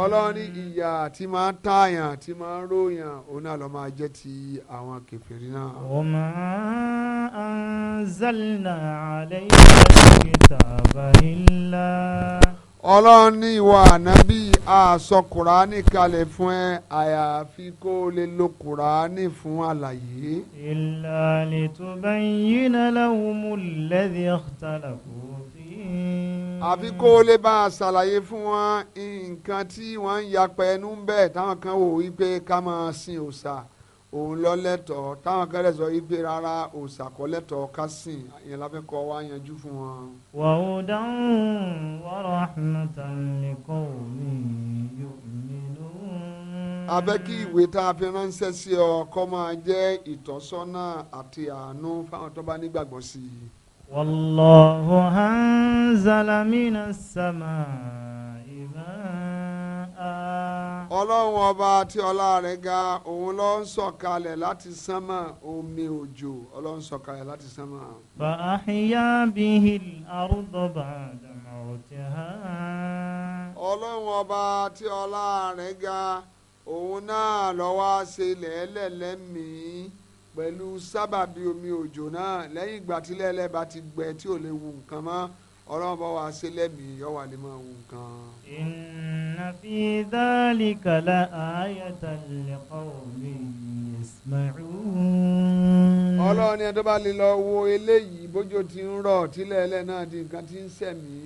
ọlọ́ni ìyà tí máa ń tààyàn tí máa ń ròyàn òun náà ló máa jẹ́ ti àwọn kèfèrí náà. wama anzalna alayka kitaba illa. ọlọ́ni ìwà ànábì àsọ kùránì kalẹ̀ fún ẹ àyàfi kó o lè lo kùránì fún àlàyé. illa litubayyina lahumu alladhi ikhtalafu fihi àfi kó o lè bá a ṣàlàyé fún wọn nǹkan tí wọ́n ń yapa ẹnu bẹ́ẹ̀ táwọn kan wò wípé ká máa sin òòṣà òun lọ lẹ́tọ̀ọ́ táwọn kan lẹ̀ sọ wípé rárá òòṣà kọ́ lẹ́tọ̀ọ́ ká sìn yẹn la fẹ́ kọ́ wa yanjú fún wọn. wa hudan wa rahmatan li qawmin yu'minun. abẹ́ kí ìwé tá a fi ránṣẹ́ sí ọ kó máa jẹ́ ìtọ́sọ́nà àti àánú fáwọn tó bá nígbàgbọ́ sí i. والله أنزل من السماء ماء ọlọ́run ọba tí ọlá rẹ̀ ga òun ló ń sọ̀kalẹ̀ láti sánmà omi òjò ọlọ́run sọ̀kalẹ̀ láti sánmà. فأحيا به الأرض بعد موتها. ọlọ́run ọba tí ọlá rẹ̀ ga òun náà ló wá lẹ́lẹ̀ lẹ́mìí pẹ̀lú sábàbí omi òjò náà lẹ́yìn ìgbà tí lẹ́lẹ́ bá ti gbẹ tí ò lè wù nǹkan mọ́ ọlọ́run bá wa ṣe lẹ́bi yọ̀wá lè máa wù nǹkan. inna fi dhalika la ayatan li qawmin yasma'un. ọlọ́run ni ẹjọ́ bá lè lọ wo eléyìí bójú ti ń rọ̀ tílẹ̀ náà di nǹkan tí ń sẹ̀mí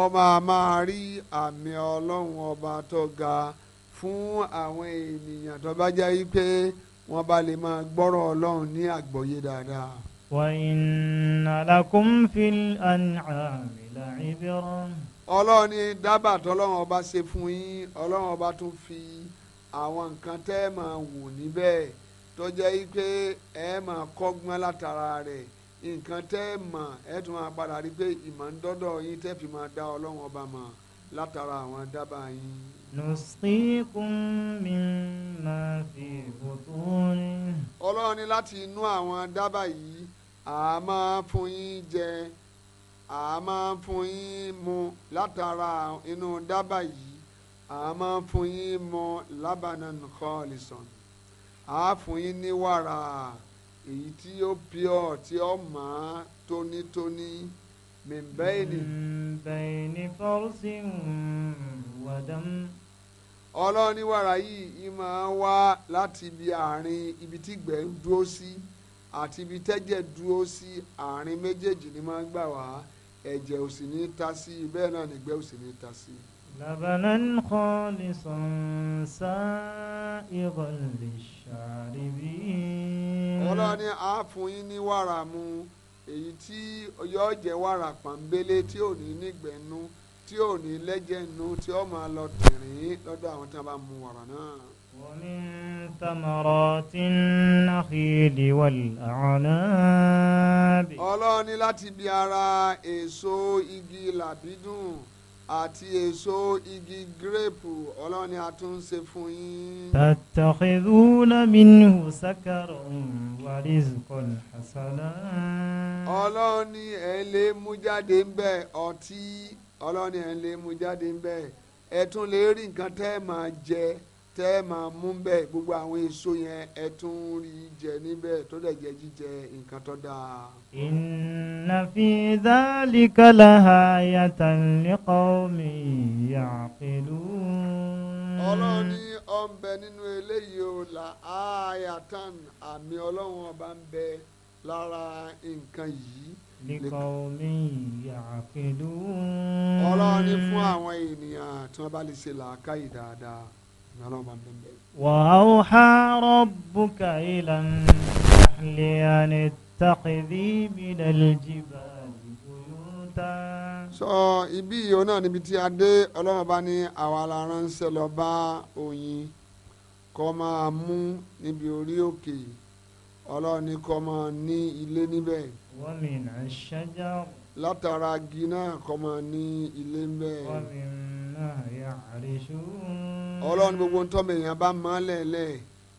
ọmọ máa rí àmì ọlọ́run ọba tó ga fún àwọn ènìyàn tó bá jẹ́ wípé wọ́n bá lè máa gbọ́rọ̀ ọlọ́run ní àgbọ́yé dáadáa. wa inna lakum fil an'ami la'ibran. ọlọ́run ní dábàá tọ́lọ́run ọba ṣe fún yín ọlọ́run ọba tún fi àwọn nǹkan tẹ́ ẹ máa wò níbẹ̀ tó jẹ́ pé ẹ máa kọ́gbọ́n látara rẹ̀ nǹkan tẹ́ ẹ mọ̀ ẹ tún máa padà rí pé ìmọ̀ ń dọ́dọ̀ yín tẹ́ fi máa dá ọlọ́run ọba mọ̀ látara àwọn dábàá yín. nùsíkùn mimma fi butuni. ọlọ́run ní láti inú àwọn dábàá yìí a máa fún yín jẹ a máa fún yín mu látara inú dábàá yìí a máa fún yín mu labanan khalisan a fún yín ní wàrà èyí tí ó pure tí ó mọ́ tónítóní. من بين من بين فرس ودم ọlọ́run ní wàrà yìí ìmọ̀ wá láti ibi àárín ibi tí gbẹ̀ ń dúró sí àti ibi tẹ́jẹ̀ dúró sí àárín méjèèjì ni máa ń gbà wá ẹ̀jẹ̀ ò sì ní ta sí i bẹ́ẹ̀ náà nìgbẹ́ ò sì ní ta sí i. labanan khalisan sa'igan lish-sharibin. ọlọ́run ní àáfún yín ní wàrà mu èyí tí yọ jẹ́ wàrà pàǹbélé tí ò ní nígbẹ̀nu tí ò ní lẹ́jẹ̀nu tí ó máa lọ tìrín lọ́dọ̀ àwọn tí wọ́n bá mu wàrà náà. ومن ثمرات النخيل والأعناب. ọlọ́run ní láti bí ara èso àti èso igi gírèpù ọlọ́run ni a tún ṣe fún yín. tàtàkìdúnà minhu sakaro warizqan hasana. ọlọ́run ni ẹ lè mú jáde ń bẹ̀ ọtí ọlọ́run ni ẹ lè mú jáde ń bẹ̀ ẹ tún lè rí nǹkan tẹ́ ẹ máa jẹ tẹ́ ẹ máa mú bẹ́ẹ̀ gbogbo àwọn èso yẹn ẹ tún rí jẹ níbẹ̀ tó dẹ̀ jẹ́ jíjẹ nǹkan tó dáa. inna fi dhalika lahayatan liqawmin ya'qilun. ọlọ́run ní ọ̀nbẹ nínú eléyìí o la ayatan àmì ọlọ́run ọba ń bẹ lára nǹkan yìí likọ́ọ̀mí yàkìlú. ọlọ́run ní fún àwọn ènìyàn tí wọ́n bá lè ṣe làákàyè dáadáa. وأوحى ربك إلى النحل أن اتخذي من الجبال بيوتا sọ ibi yìí náà níbi tí a dé ọlọ́run bá ní àwa la ránṣẹ́ lọ bá oyin kó máa mú níbi orí òkè ọlọ́run ní kó máa ní ilé níbẹ̀. wọ́n mi nà látara igi náà kọ́mọ ní ilé ń bẹ́ẹ̀. ọlọ́run gbogbo ń tọ́mọ èèyàn bá mọ́ lẹ́lẹ́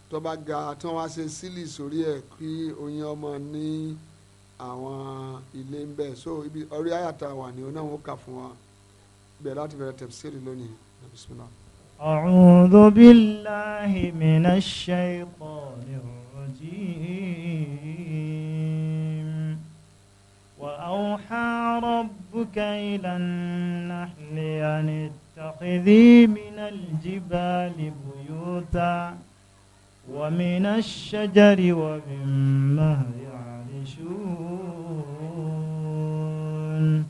tó bá ga tí wọ́n wá ṣe sílì sórí ẹ̀ kí oyin ọmọ ní àwọn ilé ń bẹ́ẹ̀ so ibi orí àyàtà wà ní oní àwọn kà fún wa bẹ́ẹ̀ láti bẹ̀rẹ̀ tẹ̀síìrì lónìí bisimilá. أعوذ بالله من الشيطان الرجيم وأوحى ربك إلى النحل أن اتخذي من الجبال بيوتا ومن الشجر ومما يعرشون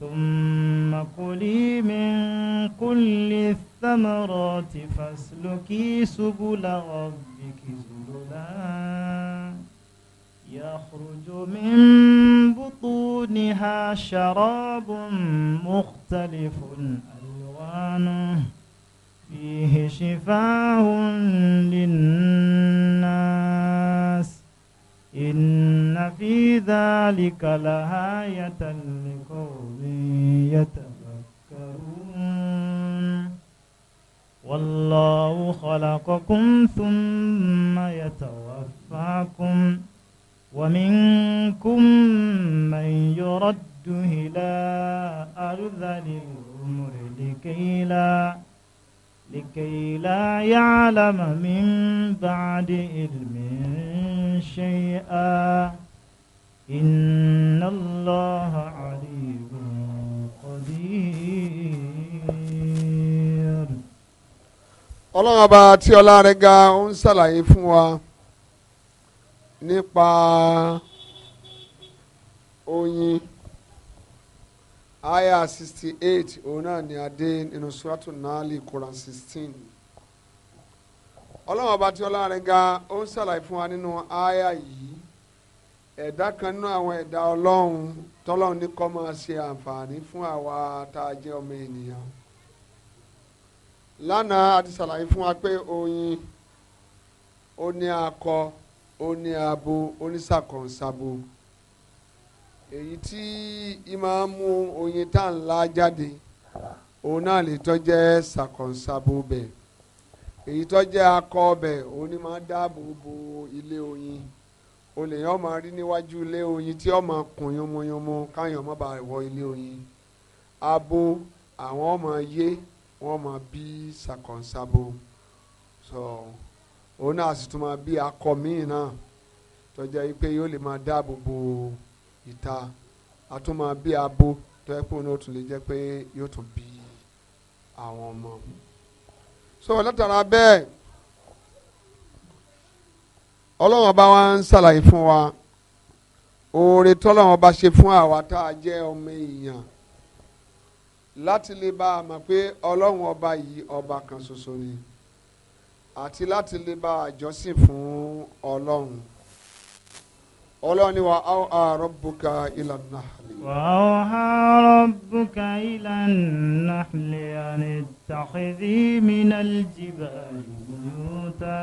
ثم قلي من كل الثمرات فاسلكي سبل ربك زللا يخرج من بطونها شراب مختلف ألوانه فيه شفاء للناس إن في ذلك لآية لقوم يتفكرون والله خلقكم ثم يتوفاكم ومنكم من يرد إلى أرذل الأمر لكي لا لكي لا يعلم من بعد علم شيئا إن الله عليم قدير ọlọ́run ọba tí ọlá rẹ̀ ga ń ṣàlàyé fún wa. nípa oyin aya sixty eight òun náà ni adé nínú suratu nali Quran sixteen ọlọ́run ọba tí ọlọ́run ga ó ń ṣàlàyé fún wa nínú aya yìí ẹ̀dá kan nínú àwọn ẹ̀dá ọlọ́run tọ́lọ́run ní máa ṣe àǹfààní fún àwa tá a jẹ́ ọmọ ènìyàn lánàá a ti fún wa pé oyin ó ní ó ní abo ó ní sàkànsabo èyí tí í máa ń mú oyin tá à ń la jáde òun náà lè tọ́ jẹ́ sàkànsabo bẹ̀ èyí tọ́ jẹ́ akọ bẹ̀ òun ni máa dáàbò bo ilé oyin olè yẹn máa rí níwájú ilé oyin tí ó kùn yomoyomo káyọ̀ má bàa wọ ilé oyin abo àwọn ọmọ yé wọn máa bí sàkànsabo sọ. So, òun náà sì tún máa bí akọ míì náà tọ́jà yìí pé yóò lè máa dáàbò bo ìta a máa bí abo tọ́jà pé òun náà tún lè jẹ́ pé yóò tún bí àwọn ọmọ. so látara bẹ́ẹ̀ ọlọ́run ọba wa ń ṣàlàyé fún wa oore tọ́lọ́run ọba ṣe fún àwa tá a jẹ́ ọmọ èèyàn láti lè bá a mọ̀ pé ọlọ́run ọba yìí ọba kan ṣoṣo ni. So, so àti láti lè bá àjọsìn fún ọlọ́run ọlọ́run ni wà á á rọ́bùkà ìlànà. wà á rọ́bùkà ìlànà lẹ́yìn ìtàkìdí mìíràn jìbà lùtà.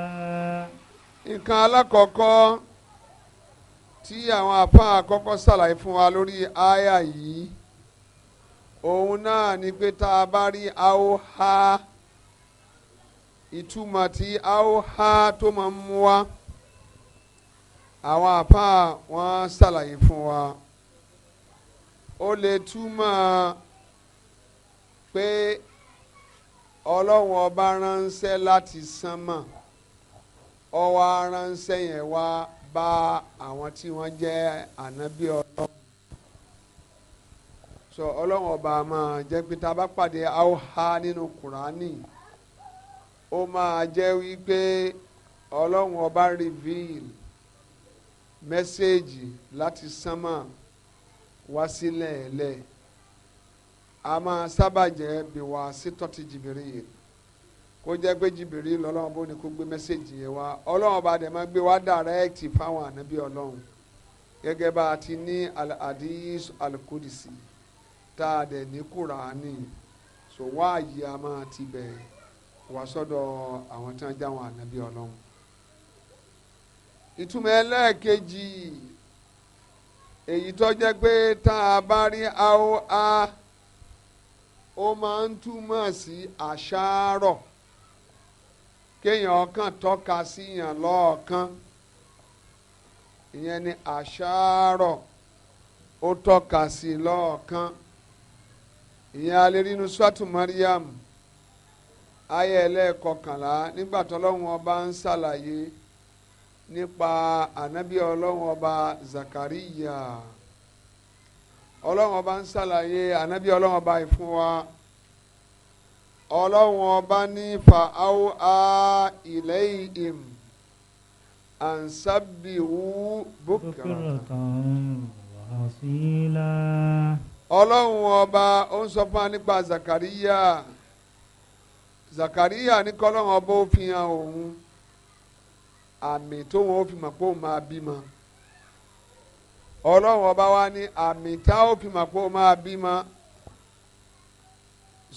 nǹkan alákọ̀ọ́kọ́ tí àwọn àpá àkọ́kọ́ ṣàlàyé fún wa lórí àyà yìí òun náà ni pé tá a bá rí àwòhá ìtumọ̀ tí aoha ha to ń mú wa àwọn àpá wọn ṣàlàyé fún wa ó lè túmọ̀ pé ọlọ́run ọba ránṣẹ́ láti sánmà ó wá ránṣẹ́ yẹn wá bá àwọn tí wọ́n jẹ́ ànábì ọlọ́run so ọlọ́run ọba máa jẹ́ pé tá a bá pàdé aoha nínú kùránì. No ó máa jẹ́ wípé ọlọ́run ọba reveal mẹ́sẹ́ẹ̀jì láti sánmà wá sílẹ̀ ẹ̀lẹ́ a máa sábà jẹ́ bí wá sí tọ́tí jìbìrì yìí kó jẹ́ pé jìbìrì lọ́lọ́run bó ni kó gbé mẹ́sẹ́ẹ̀jì yẹn wá ọlọ́run ọba dẹ̀ máa gbé wá direct fáwọn ànábì ọlọ́run gẹ́gẹ́ bá a ti ní al-hadith tá a dẹ̀ ní kúránì so wáàyí a máa ti bẹ̀rẹ̀ wá sọ́dọ̀ àwọn tí wọ́n já wọn ànábì ọlọ́run ìtumọ̀ ẹlẹ́ẹ̀kejì èyí tó jẹ́ pé tá a bá rí ao a ó máa ń túmọ̀ sí àṣàrọ̀ kéèyàn kan tọ́ka síyàn lọ́ọ̀kan ìyẹn ni àṣàrọ̀ ó tọ́ka sí lọ́ọ̀kan ìyẹn a lè rí Mariam. ayé ẹlẹ́ẹ̀kọkànlá nígbà tọ́lọ́run ọba ń ṣàlàyé nípa ànábì ọlọ́run ọba Zakariya ọlọ́run ọba ń ṣàlàyé ànábì ọlọ́run ọba ìfún wa ọlọ́run ọba ní fa áwọ́ á ilẹ̀ ìhìm bókàrà ọlọ́run ọba ó ń sọ Zakariya. Zakariya ní kọ́lọ́run ọba ó fi hàn òun àmì tó wọn ó fi mọ̀ pé òun máa bímọ ọlọ́run ọba wa ní àmì tá ó fi mọ̀ pé òun máa bímọ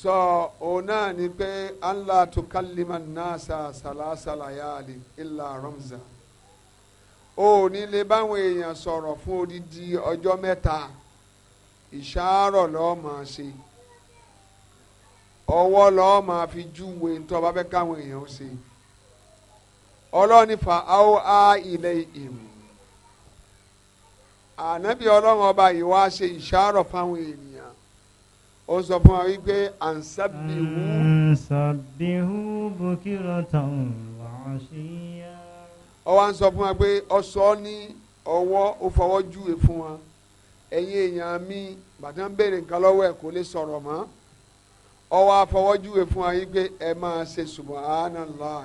sọ òun náà ni pé Allah tó kálímà náà sa sàlásàlà yá àlè ìlà ramza ó ní lè báwọn èèyàn sọ̀rọ̀ fún odidi ọjọ́ mẹ́ta ìṣàárọ̀ lọ́ọ́ máa ṣe ọwọ́ lọ́ọ́ máa fi júwe ntọ́ bá fẹ́ káwọn èèyàn ó ṣe ọlọ́run ní fa áwọ́ á ilẹ̀ ìmù ànábì ọlọ́run ọba yìí wá ṣe ìṣàrọ̀ fáwọn ènìyàn ó sọ fún wa wípé à ń sábìhú. sábìhú bukira táwọn wà á ṣe yá. ó wá ń sọ fún wa pé ọsọ ní ọwọ́ ó fọwọ́ júwe fún wa ẹ̀yin èèyàn mi bàtà ń béèrè nǹkan lọ́wọ́ ẹ̀ kò lè sọ̀rọ̀ mọ́ ọwọ́ afọwọ́júwe fún wa yí pé ẹ máa ṣe subhanallah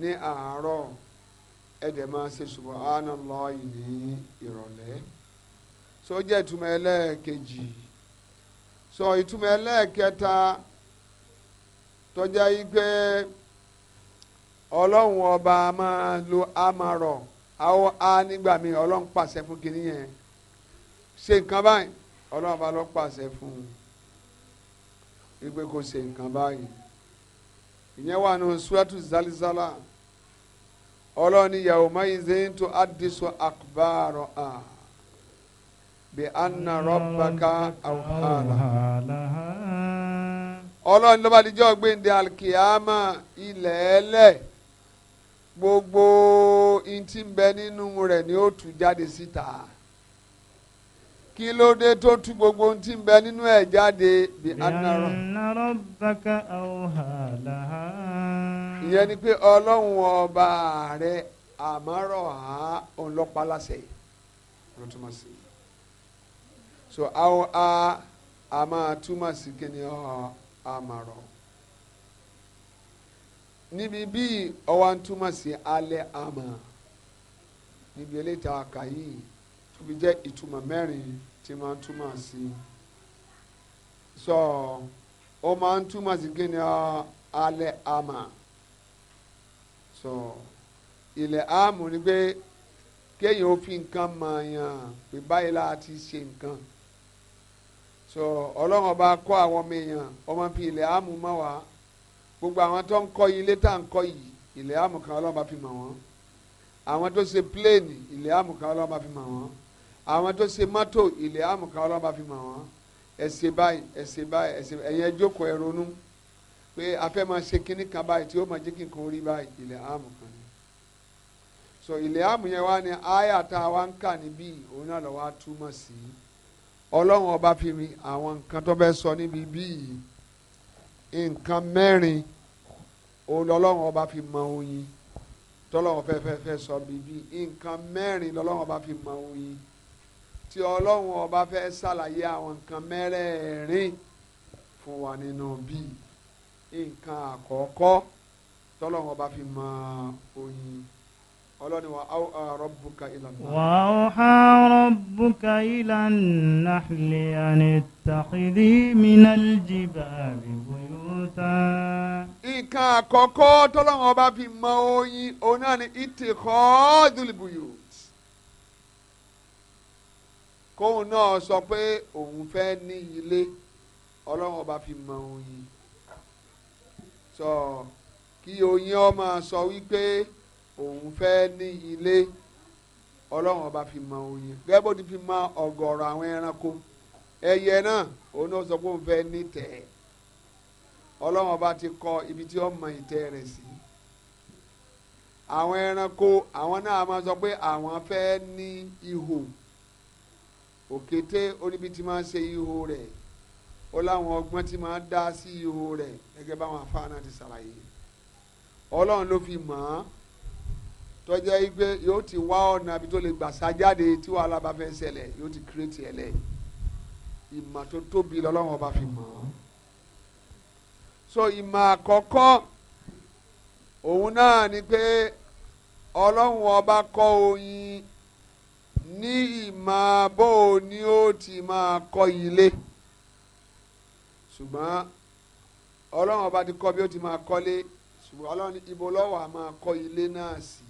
ní àárọ̀ ẹ dẹ̀ máa ṣe subhanallah ní ìrọ̀lẹ́ so jẹ́ ìtumọ̀ ẹlẹ́ẹ̀kejì so ìtumọ̀ ẹlẹ́ẹ̀kẹta tọ́já yí pé ọlọ́run ọba máa lo amarọ̀ àwọn á nígbà míì ọlọ́run pàṣẹ fún kinní yẹn ṣe nǹkan báyìí ọlọ́run ọba ló pàṣẹ fún un wípé kò ṣe nǹkan báyìí ìyẹn wà nù suratu zalizala ọlọ́ọ̀ni yawma izin tó adiso akbaro a bi anna rabbaka awhala ọlọ́ọ̀ni ló bá di jọ́ gbẹ̀ǹde gbogbo ntí bẹ nínú rẹ̀ ni ó tú jáde síta. Si kí ló dé tó tú gbogbo ohun tí ń bẹ nínú ẹ̀ jáde bí anarọ. anarọ baka ọ̀hálà. ìyẹn ni pé ọlọ́run ọba rẹ àmọ́rọ̀ á ọlọ́pàá ló túmọ̀ sí so àwọn a a máa túmọ̀ sí kíni ọ àmọ̀rọ̀. níbi bíi ọwọ́ ń túmọ̀ sí alẹ́ àmọ̀ níbi eléyìí tá fi jẹ́ ìtumọ̀ mẹ́rin tí máa ń túmọ̀ sí sọ ó máa ń túmọ̀ sí kí ni alẹ́ àmà sọ ilẹ̀ àmù ni pé kéèyàn ó fi nǹkan mọ̀ yàn pé báyìí láti ṣe nǹkan so ọlọ́run ọba kọ́ àwọn ọmọ èèyàn ọmọ fi ilẹ̀ àmú mọ́ wa gbogbo àwọn tó ń kọ́ ilé tá à ń kọ́ yìí ilẹ̀ àmú kan ọlọ́run bá fi mọ̀ wọ́n àwọn tó ṣe pléènì ilẹ̀ àmú kan ọlọ́run bá fi mọ̀ wọ́n àwọn tó ṣe mọ́tò ilẹ̀ àmùká ọlọ́ba fi mọ̀ wọ́n ẹ ṣe báyìí ẹ ṣe báyìí ẹ ṣe ẹ̀yin ẹ jókòó ẹ ronú pé a fẹ́ máa ṣe kínní kan báyìí tí ó máa jẹ́ kí n kò rí báyìí ilẹ̀ àmùká ni so ilẹ̀ àmùyẹn wá ní àyà tá a wá ń kà níbí òun náà lọ́wọ́ á túmọ̀ sí ọlọ́run ọba fi mi àwọn nǹkan tó fẹ́ sọ níbi bíi nǹkan mẹ́rin òun ọba fi mọ oyin tọ́lọ́run fẹ́ fẹ́ fẹ́ sọ bíbí nǹkan mẹ́rin lọ́lọ́run ọba fi mọ oyin tí ọlọ́run ọba fẹ́ ṣàlàyé àwọn nǹkan mẹ́rẹ̀ẹ̀rin fún wa nínú bíi nǹkan àkọ́kọ́ tọ́lọ́run ọba fi mọ oyin ọlọ́ni wa aw arọ́bùkà ìlànà. wà á ha rọ́bùkà ìlànà lẹ́yìn tàkìdí minal jibali buyuta. nǹkan àkọ́kọ́ tọ́lọ́run ọba fi mọ oyin òun náà ni ìtìkọ́ dùlùbùyù kóun náà sọ pé òun fẹ́ ní ilé ọlọ́run ọba fi mọ oyin sọ kí oyin ọmọ sọ wípé òun fẹ́ ní ilé ọlọ́run ọba fi mọ oyin gẹ́gẹ́ bó ti fi mọ ọ̀gọ̀ọ̀rọ̀ àwọn ẹranko ẹyẹ náà òun náà sọ pé òun fẹ́ ní tẹ̀ ọlọ́run ọba ti kọ ibi tí ó mọ ìtẹ́ rẹ̀ sí àwọn ẹranko àwọn náà máa sọ pé àwọn fẹ́ ní ihò òkété oríbi tí máa ń ṣe ihò rẹ̀ ó láwọn ọgbọ́n tí máa ń dá sí ihò rẹ̀ gẹ́gẹ́ báwọn afáà náà ti ṣàlàyé ọlọ́run ló fi mọ̀ ọ́n tọ́jẹ́ igbe yóò ti wá ọ̀nà àbí tó lè gbà sájáde tí wàhálà bá fẹ́ ṣẹlẹ̀ yóò ti kírètì ẹ̀ lẹ̀ ìmọ̀ tó tóbi lọ́lọ́run ọba fi mọ̀ ọ́n so ìmọ̀ àkọ́kọ́ òun náà ni pé ọlọ́run ọba kọ́ oyin ní ìmọ̀ bó o ní ó ti máa kọ́ ilé ṣùgbọ́n ọlọ́run ọba ti kọ́ bí ó ti máa kọ́lé ṣùgbọ́n ọlọ́run ibo lọ́wọ́ a máa kọ́ ilé náà sí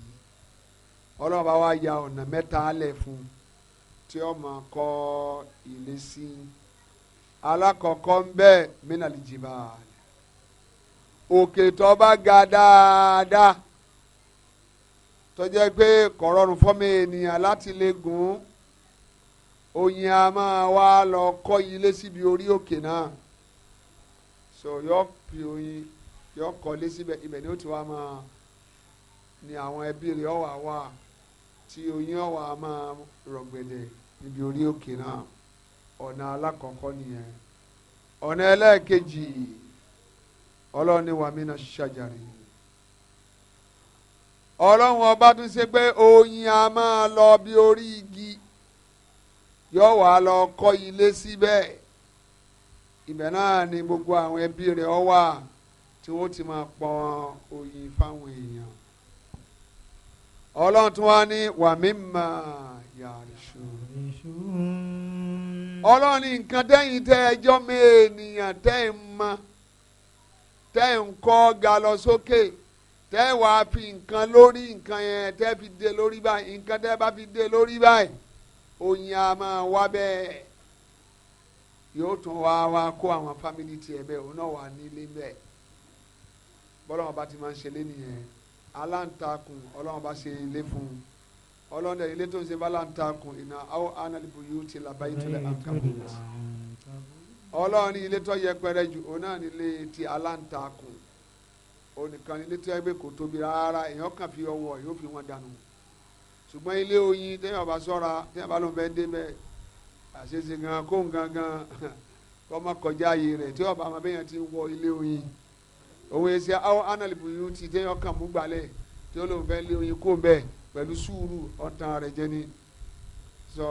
ọlọ́run ọba wa ya ọ̀nà mẹ́ta lẹ̀ fún tí ó máa kọ́ ilé sí alákọ̀ọ́kọ́ ń bẹ́ẹ̀ mínàlì jìbà òkè tó bá ga dáadáa tọ́jẹ́ pé kò rọrùn fọ́mọ ènìyàn láti lè gùn oyin a máa wá lọ kọ́ ilé síbi orí òkè náà so yọ fi oyin yọ kọ́lé síbẹ̀ ibẹ̀ ni ó ti wá máa ni àwọn ẹbí rẹ̀ ọ̀wà wà tí oyin ọ̀wà máa rọ̀gbẹ̀dẹ̀ níbi orí òkè náà ọ̀nà alákọ̀ọ́kọ́ nìyẹn ọ̀nà ẹlẹ́ẹ̀kejì ọlọ́ọ̀ni wàmí náà ṣàjàre. ọlọ́run ọba tún ṣe pé oyin a máa lọ bí orí igi yóò wá lọ kọ́ ilé síbẹ̀ ibẹ̀ náà ni gbogbo àwọn ẹbí rẹ̀ ọ wà tí wọ́n ti máa pọn oyin fáwọn èèyàn ọlọ́run tún wá ní wàmímà yàrìṣù ọlọ́run ní nǹkan tẹ́yìn tẹ́ ẹjọ́ mẹ́ẹ̀ẹ́nìyàn tẹ́ ẹ̀ ń mọ tẹ́ ẹ̀ ń kọ́ ga lọ sókè. Okay tẹ́ wàá fi nǹkan lórí nǹkan yẹn tẹ́ fi dé lórí báyìí nǹkan tẹ́ bá fi dé lórí báyìí oyin a máa wá bẹ́ẹ̀ yóò tún wá wá kó àwọn fámìlì tiẹ̀ bẹ́ẹ̀ òun náà wà nílé bẹ́ẹ̀ bọ́lọ́mọba ti máa ń ṣe lé nìyẹn aláǹtakùn ọlọ́mọba ṣe ilé fún un ọlọ́dẹ ilé tó ń ṣe bálantakùn iná àwọn analibu yìí ti làbá yìí tilẹ̀ àǹkàbọ̀t ọlọ́run ilé tó yẹ pẹrẹ jù òun náà nílé ti aláǹtakùn onìkan ilé tí wọ́n gbé kò tóbi rárá èèyàn kàn fi ọwọ́ yóò fi wọn dànù ṣùgbọ́n ilé oyin téèyàn bá sọ́ra téèyàn bá ló ń bẹ́ dé bẹ́ẹ̀ àṣeṣe gan kó ń gangan kọ́ má kọjá ayé rẹ̀ tí ọba àwọn abẹ́yẹn ti wọ ilé oyin òun èsì àwọn anàlìbù yìí ti téèyàn kàn mú gbalẹ̀ tí ó lóun fẹ́ lé oyin kó bẹ́ẹ̀ pẹ̀lú sùúrù ọ̀tàn rẹ̀ jẹ́ sọ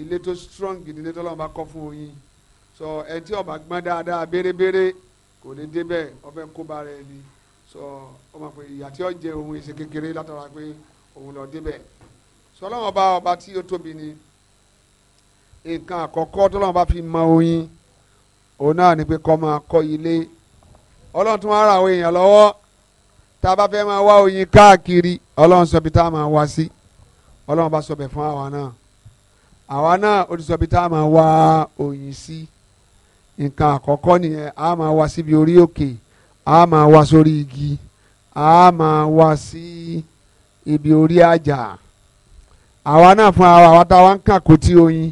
ilé tó strong gidi ilé tó lọ́wọ́ bá kọ́ fún oyin sọ ẹ tí ọba gbọ́n dáadáa bérebére kò ní débẹ̀ ọbẹ̀ kóbá rẹ̀ ni so ọmọ pé ìyá tí ó jẹ ohun èsè kékeré látara pé òun lọ débẹ̀ sọlọ́wọ́n bá ọba tí ó tóbi ni nǹkan àkọ́kọ́ tọ́lọ́wọ́n bá fi mọ oyin òun náà ni pé kọ́ máa kọ́ ilé ọlọ́run tún wá ra àwọn èèyàn lọ́wọ́ tá a bá fẹ́ máa wá oyin káàkiri ọlọ́run sọ bí tá a máa wá sí ọlọ́run bá sọ bẹ̀ fún àwa náà àwa náà ó ti sọ bí tá a máa wá oyin sí nǹkan àkọ́kọ́ nìyẹn a máa wá síbi orí òkè. Okay a máa wá sórí igi a máa wá sí ibi orí àjà àwa náà fún àwa àwa táwa ń kà kò tí oyin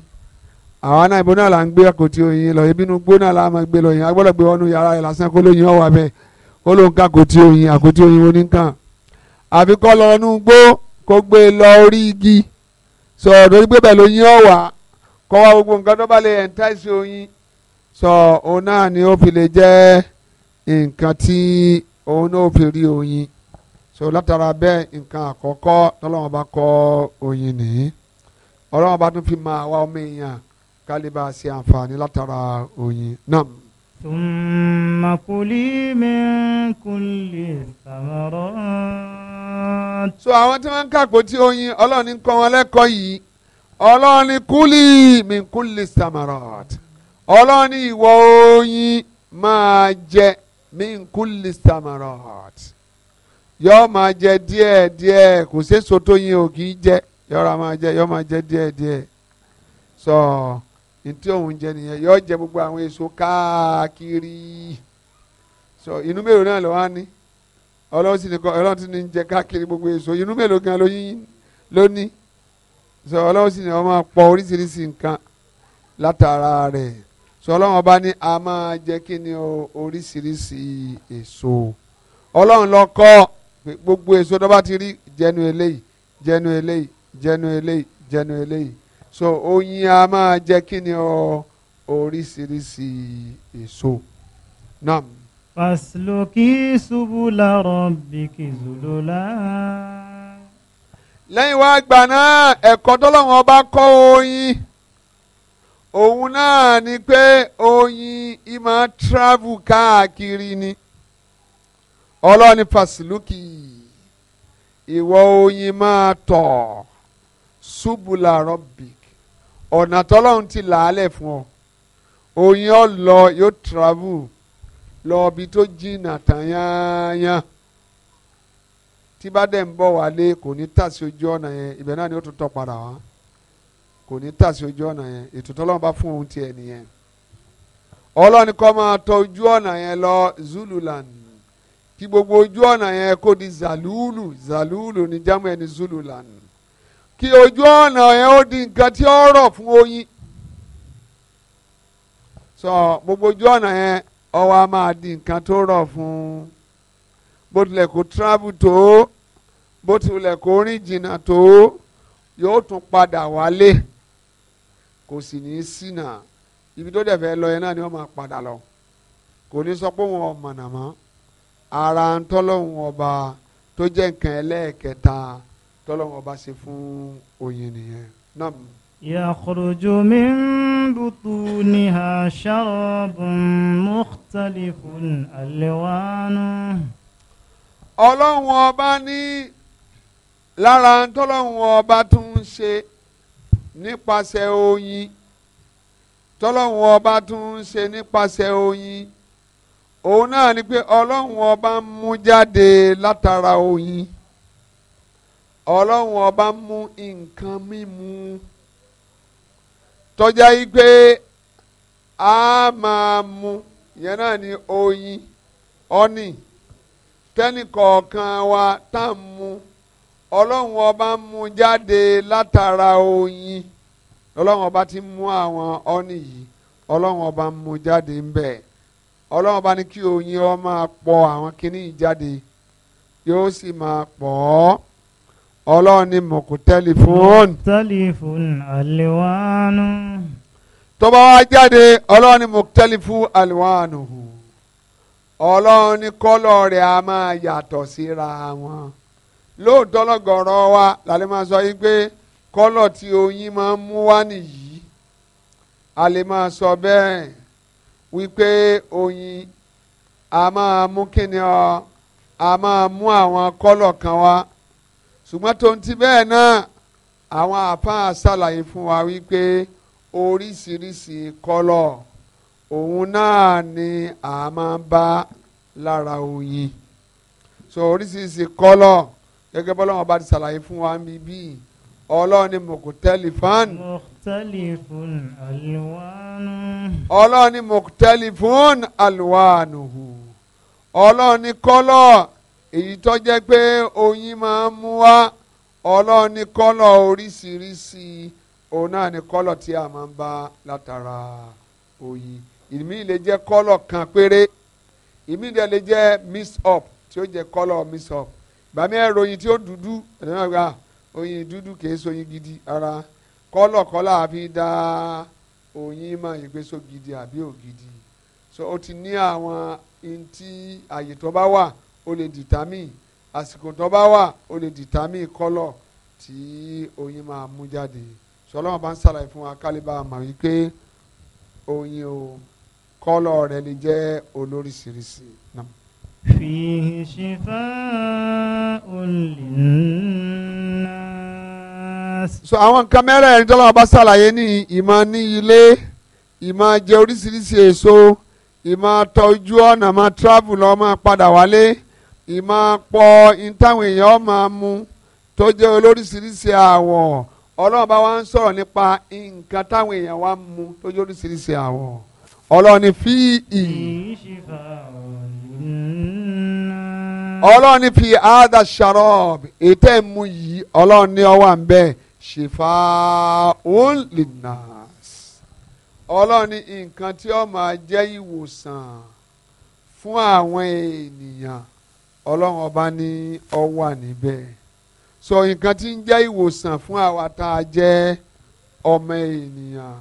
àwa náà ibo náà là ń gbé kò tí oyin lọ ibi inú gbó náà là máa gbé lọ yẹn agbọ́dọ̀ gbé wọnú yàrá rẹ̀ lásán kó lóyin ọ̀wà bẹ́ẹ̀ ó ló ń kà kò tí oyin àkótí oyin oníkan àfi kọ́ lọ inú gbó kó gbé lọ orí igi sọ̀rọ̀ tó gbé bẹ́ẹ̀ lóyin ọ̀wà kọ́ wa gbogbo nǹkan tó bá lè entice oyin sọ òun náà ni ó fi lè jẹ́ nǹkan tí òun náà fi rí oyin so látara bẹ́ẹ̀ nǹkan àkọ́kọ́ tọ́lọ́wọ́n bá kọ oyin nìyí ọlọ́wọ́n bá tún fi máa wá ọmọ èèyàn kálíbà ṣe àǹfààní látara oyin náà. ثم كلي من كل الثمرات. so àwọn tí wọ́n ń kàpò tí oyin ọlọ́ọ̀ni ń kọ́ wọn lẹ́kọ̀ọ́ yìí ọlọ́ọ̀ni kúlì min kúlì samarat ọlọ́ọ̀ni ìwọ oyin máa jẹ min kulli samarat yóò máa jẹ díẹ̀ díẹ̀ kò séso tó yin o kì í jẹ yọra máa jẹ yóò máa jẹ díẹ̀ díẹ̀ sọ ntí òun jẹ nìyẹn yóò jẹ gbogbo àwọn èso káàkiri sọ inú mélòó náà ló wá ní ọlọ́run sì ní kọ ọlọ́run ti ní jẹ káàkiri gbogbo èso inú mélòó gan ló yín sọ ọlọ́run sì ní ó máa oríṣiríṣi nǹkan látara rẹ̀ sọlọ́run ọba ní a máa jẹ́ kí ni oríṣiríṣi èso ọlọ́run ló kọ́ gbogbo èso tó bá ti rí jẹnu eléyìí jẹnu eléyìí jẹnu eléyìí jẹnu eléyìí so oyin a máa jẹ́ kí ni oríṣiríṣi èso náà. fàṣlókì ṣubúlà rọ̀bìkì zùlọ́lá. lẹ́yìn wá gbà náà ẹ̀kọ́ tọ́lọ́run ọba kọ́ oyin òun náà ni pé oyin ìmọ̀ travel káàkiri ni ọlọ́ni fàṣìlùkì ìwọ oyin máa tọ̀ ṣubùlà rọ́bìk ọ̀nà tọ́lọ́run ti làálẹ̀ fún ọ oyin ọ lọ yóò travel lọ ibi tó jìnnà tanyanya tí bá dẹ̀ ń bọ̀ wálé kò ní tàṣí ojú ọ̀nà yẹn ibẹ̀ náà ni ó tún tọ̀ padà wá kò ní tà sí ojú ọ̀nà yẹn ètò tọ́lọ́run bá fún òun tiẹ̀ nìyẹn ọlọ́ni kọ́ máa tọ ojú ọ̀nà yẹn lọ zululand kí gbogbo ojú ọ̀nà yẹn kó di zalulu zalulu ní jámù ẹni zululand kí ojú ọ̀nà yẹn ó di nǹkan tí ó rọ̀ fún oyin sọ gbogbo ojú ọ̀nà yẹn ọwọ́ a máa di nǹkan tó rọ̀ fún bó tilẹ̀ kó travel tó bó tilẹ̀ kó rìn jìnnà tó yóò tún padà wálé kò sì ní í ṣìnà ibi tó dẹ̀ fẹ́ lọ yẹn náà ni wọ́n máa padà lọ kò ní sọ pé wọn mọ̀nà mọ́ ara ń tọ́lọ́hún ọba tó jẹ́ nǹkan ẹlẹ́ẹ̀kẹta tọ́lọ́hún ọba ṣe fún oyin nìyẹn náà. يخرج من بطونها شراب مختلف ألوانه ọlọ́run ọba لا lára tọ́lọ́run ọba tún nípasẹ̀ oyin tọ́lọ́hun ọba tún ń ṣe nípasẹ̀ oyin òun náà ni pé ọlọ́hun ọba ń mú jáde látara oyin ọlọ́hun ọba ń mú nǹkan mímu tọ́já yìí pé a máa mu yẹn náà ni oyin ọ́nì tẹ́nìkọ̀ọ̀kan wa tá à mu. ọlọ́run ọba ń mú jáde látara oyin ọlọ́run ọba ti mú àwọn ọ́nì yìí ọlọ́run ọba ń mú jáde ń bẹ̀ ọlọ́run ọba ní kí oyin ọ máa pọ̀ àwọn kinní yìí yóò sì máa pọ̀ ọ́ ọlọ́run ni mọ̀kú tẹlifóònù. tẹlifóònù àlewánú. tó bá wá jáde ọlọ́run ni mọ̀kú tẹlifóònù àlewánú ọlọ́run ni kọ́lọ̀ rẹ̀ a máa yàtọ̀ síra wọn lóòótọ́ lọ́gọ̀ọ̀rọ̀ wa làlẹ́ máa sọ yìí pé kọ́lọ̀ tí oyin máa ń mú wá nìyí a lè máa sọ bẹ́ẹ̀ wípé oyin a máa mú kíni ọ a máa mú àwọn kọ́lọ̀ kan wá ṣùgbọ́n tó ń ti bẹ́ẹ̀ náà àwọn àáfàá ṣàlàyé fún wa wípé oríṣiríṣi kọ́lọ̀ òun náà ni a máa bá lára oyin so oríṣiríṣi kọ́lọ̀ gẹ́gẹ́ bọ́lá wọn bá ti ṣàlàyé fún wa níbi bíi ọlọ́run ni mọ̀kútẹ́lifán. mọ̀kútẹ́lifún àlùwánù. ọlọ́run ni mọ̀kútẹ́lifún àlùwánù. ọlọ́run ni kọ́lọ̀ èyí tó jẹ́ pé oyin máa ń mú wá ọlọ́run ni kọ́lọ̀ oríṣiríṣi òun náà ni kọ́lọ̀ tí a máa ń bá látara oyin ìmí lè jẹ́ kọ́lọ̀ kan péré ìmí lè jẹ́ mix up tí ó jẹ́ kọ́lọ̀ mix up bàmí ẹ ròyìn tí ó dúdú ẹnìyàn gba oyin dúdú kìí soyin gidi ara kọlọkọlọ àfi dá oyin mọ ìgbésó gidi àbí ògidì so o ti ní àwọn ntí àyè tó bá wà o lè dìtámì àsìkò tó bá wà o lè dìtámì kọlọ tí oyin máa mú jáde sọlọ́wọ́n bá ń ṣàlàyé fún wa kálíbà mọ̀ wípé oyin o kọ́lọ̀ rẹ̀ lè jẹ́ olóríṣiríṣi náà. فيه شفاء للناس so àwọn nǹkan mẹ́rẹ̀ẹ̀rin tọ́lá ọba ṣàlàyé ní ìmọ̀ ní ilé ìmọ̀ jẹ oríṣiríṣi èso ìmọ̀ tọ́jú ọ̀nà máa travel lọ máa padà wálé ìmọ̀ pọ̀ ìtàwọn èèyàn máa mu tó jẹ́ olóríṣiríṣi àwọ̀ ọlọ́run bá wá ń sọ̀rọ̀ nípa nǹkan táwọn èèyàn wá mu tó jẹ́ oríṣiríṣi àwọ̀ ọlọ́run fi ì. ọlọ́run ní fi àádá ṣàrọ̀ ètò ẹ̀mú yìí ọlọ́run ní ọwọ́ à ń bẹ́ẹ̀ ṣèfà òun ọlọ́run ní nǹkan tí ó máa jẹ́ ìwòsàn fún àwọn ènìyàn ọlọ́run ọba ní ọwọ́ à níbẹ̀ sọ nǹkan tí ń jẹ́ ìwòsàn fún àwa tá a jẹ́ ọmọ ènìyàn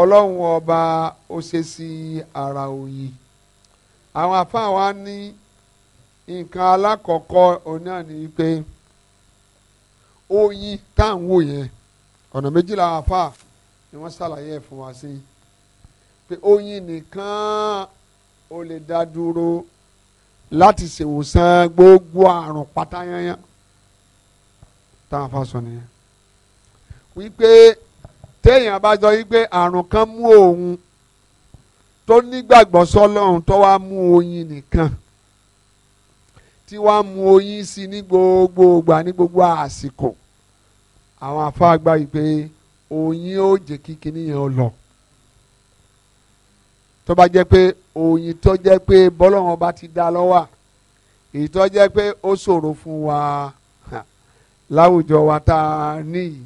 ọlọ́run ọba ó ṣe sí ara oyin. àwọn àfáà wa ní nǹkan alákọ̀ọ́kọ́ òun náà ni pé oyin tá à ń wò yẹn ọ̀nà méjì làwọn àfáà ni wọ́n ṣàlàyé ẹ̀ fún wa sí pé oyin nìkan ó lè dá dúró láti ṣèwòsàn gbogbo àrùn pátáyányá táwọn afa sọ nìyẹn wípé téèyàn bá jọ wípé àrùn kan mú òun tó nígbàgbọ́ sọ́lọ́run tó wá mú oyin nìkan tí wá mú oyin sí ní gbogbo ìgbà ní gbogbo àsìkò àwọn afáàgbà yìí pé oyin ó jẹ́ kí kinní yẹn lọ tó bá jẹ́ pé oyin tó jẹ́ pé bọ́lọ́run bá ti dá lọ́wọ́ èyí tó pé ó ṣòro fún wa láwùjọ wa tá a níyì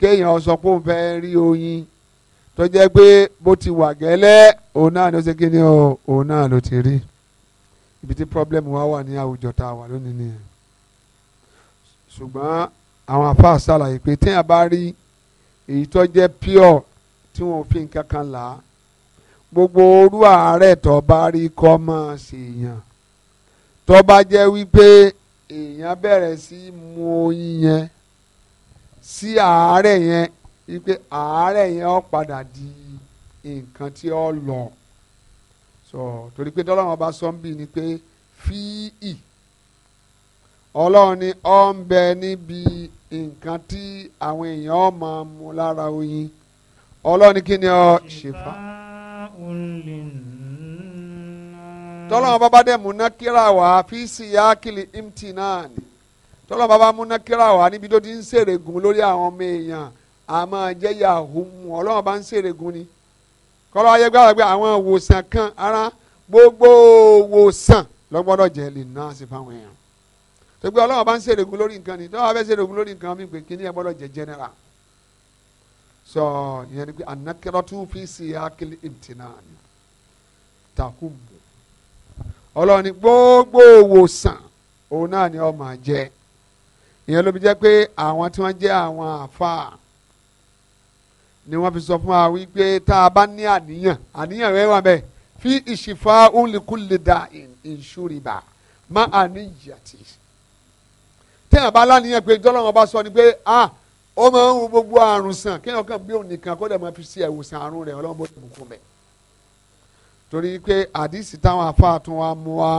kéèyàn sọ pé òun fẹ́ rí oyin tó jẹ́ pé bó ti wà gẹ́lẹ́ òun náà ló ṣe kíni o òun náà ló ti rí ibi tí problem wa wà ní àwùjọ tá a wà lónìí nìyẹn ṣùgbọ́n àwọn afáà ṣàlàyé pé téèyàn bá rí èyí tó jẹ́ pure tí wọ́n fi nǹkan kan là á gbogbo orú àárẹ̀ tó bá rí kọ́ máa ṣèyàn tó bá jẹ́ wípé èèyàn bẹ̀rẹ̀ sí mu oyin yẹn sí àárẹ̀ yẹn wípé àárẹ̀ yẹn ó padà di nǹkan tí ó lọ sọ torí pé tọ́lọ́wọ́n bá sọ ń bì ní pé fíì ọlọ́run ni ó ń bẹ níbi nǹkan tí àwọn èèyàn máa mu lára oyin ọlọ́run ni kí ni ọ ṣe fa tọ́lọ́wọ́n bá bá dẹ̀ mú nákírà wá fi sí yákìlì imtinan tọ́lọ́wọ́n bá bá mú nákírà wá níbi tó ti ń ṣèrègùn lórí àwọn ọmọ èèyàn a máa jẹ́ yahoo ọlọ́run bá ń ṣèrègùn ni kọ́lọ́ ayé gbàgbọ́ pé àwọn wòsàn kan ara gbogbo wòsàn lọ́gbọ́dọ̀ jẹ́ lè ná sí fáwọn èèyàn tó gbé ọlọ́run bá ń ṣèrègùn lórí nǹkan ni tọ́wọ́ fẹ́ ṣèrègùn lórí nǹkan mi pé kíní ẹ gbọ́dọ̀ jẹ́ general sọ ìyẹn ni pé anakẹ́rọ́tù fi ṣe akele ìtìná ni takùn bò ọlọ́run ni gbogbo wòsàn òun náà ni ó máa jẹ́ ìyẹn ló fi jẹ́ pé àwọn tí wọ́n jẹ́ àwọn àfáà ni wọ́n fi sọ fún wa wípé tá a bá ní àníyàn àníyàn rẹ̀ wà bẹ́ẹ̀ fi ìṣìfà òǹlẹ̀kùnlé da ìṣúrìbà má àníyàtì. téèyàn bá láníyàn pé jọ́lọ́wọ́n bá sọ ni pé ah ó máa ń wo gbogbo àrùn sàn kéèyàn kàn bí òun nìkan kó dẹ̀ máa fi ṣe ẹ̀wòsàn àrùn rẹ̀ ọlọ́run bó ti bùkún bẹ̀. torí pé àdìsí táwọn afáà wa mú wa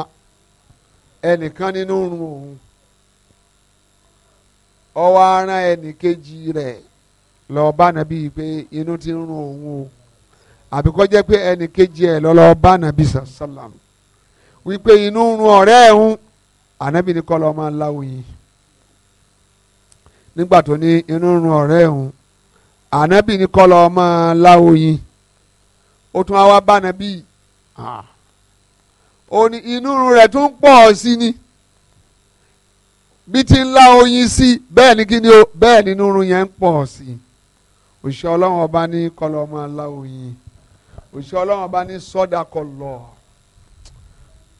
ẹnìkan nínú òun ọwọ́ ara ẹnìkejì rẹ̀ lọ bá nàbí pé inú ti ń run òun o àbí kó jẹ́ pé ẹnì kejì ẹ̀ lọ́lọ́ bá nàbí sàlám wípé inú ń run ọ̀rẹ́ ẹ̀ ń ànábì ní kọ́ lọ́ máa ń láwùn yìí nígbà tó ní inú ń run ọ̀rẹ́ ẹ̀ ń ànábì ní kọ́ lọ́ máa ń láwùn yìí ó tún wá bá nàbí ó ní inú rẹ̀ tún pọ̀ sí ni bí ti ń lá oyin sí bẹ́ẹ̀ ni kí ni o bẹ́ẹ̀ nínú irun yẹn ń pọ̀ sí i òṣìṣẹ́ ọlọ́run ọba ní kọlọ ọmọ aláwòyìn òṣìṣẹ́ ọlọ́run ọba ní sọ́dà kọlọ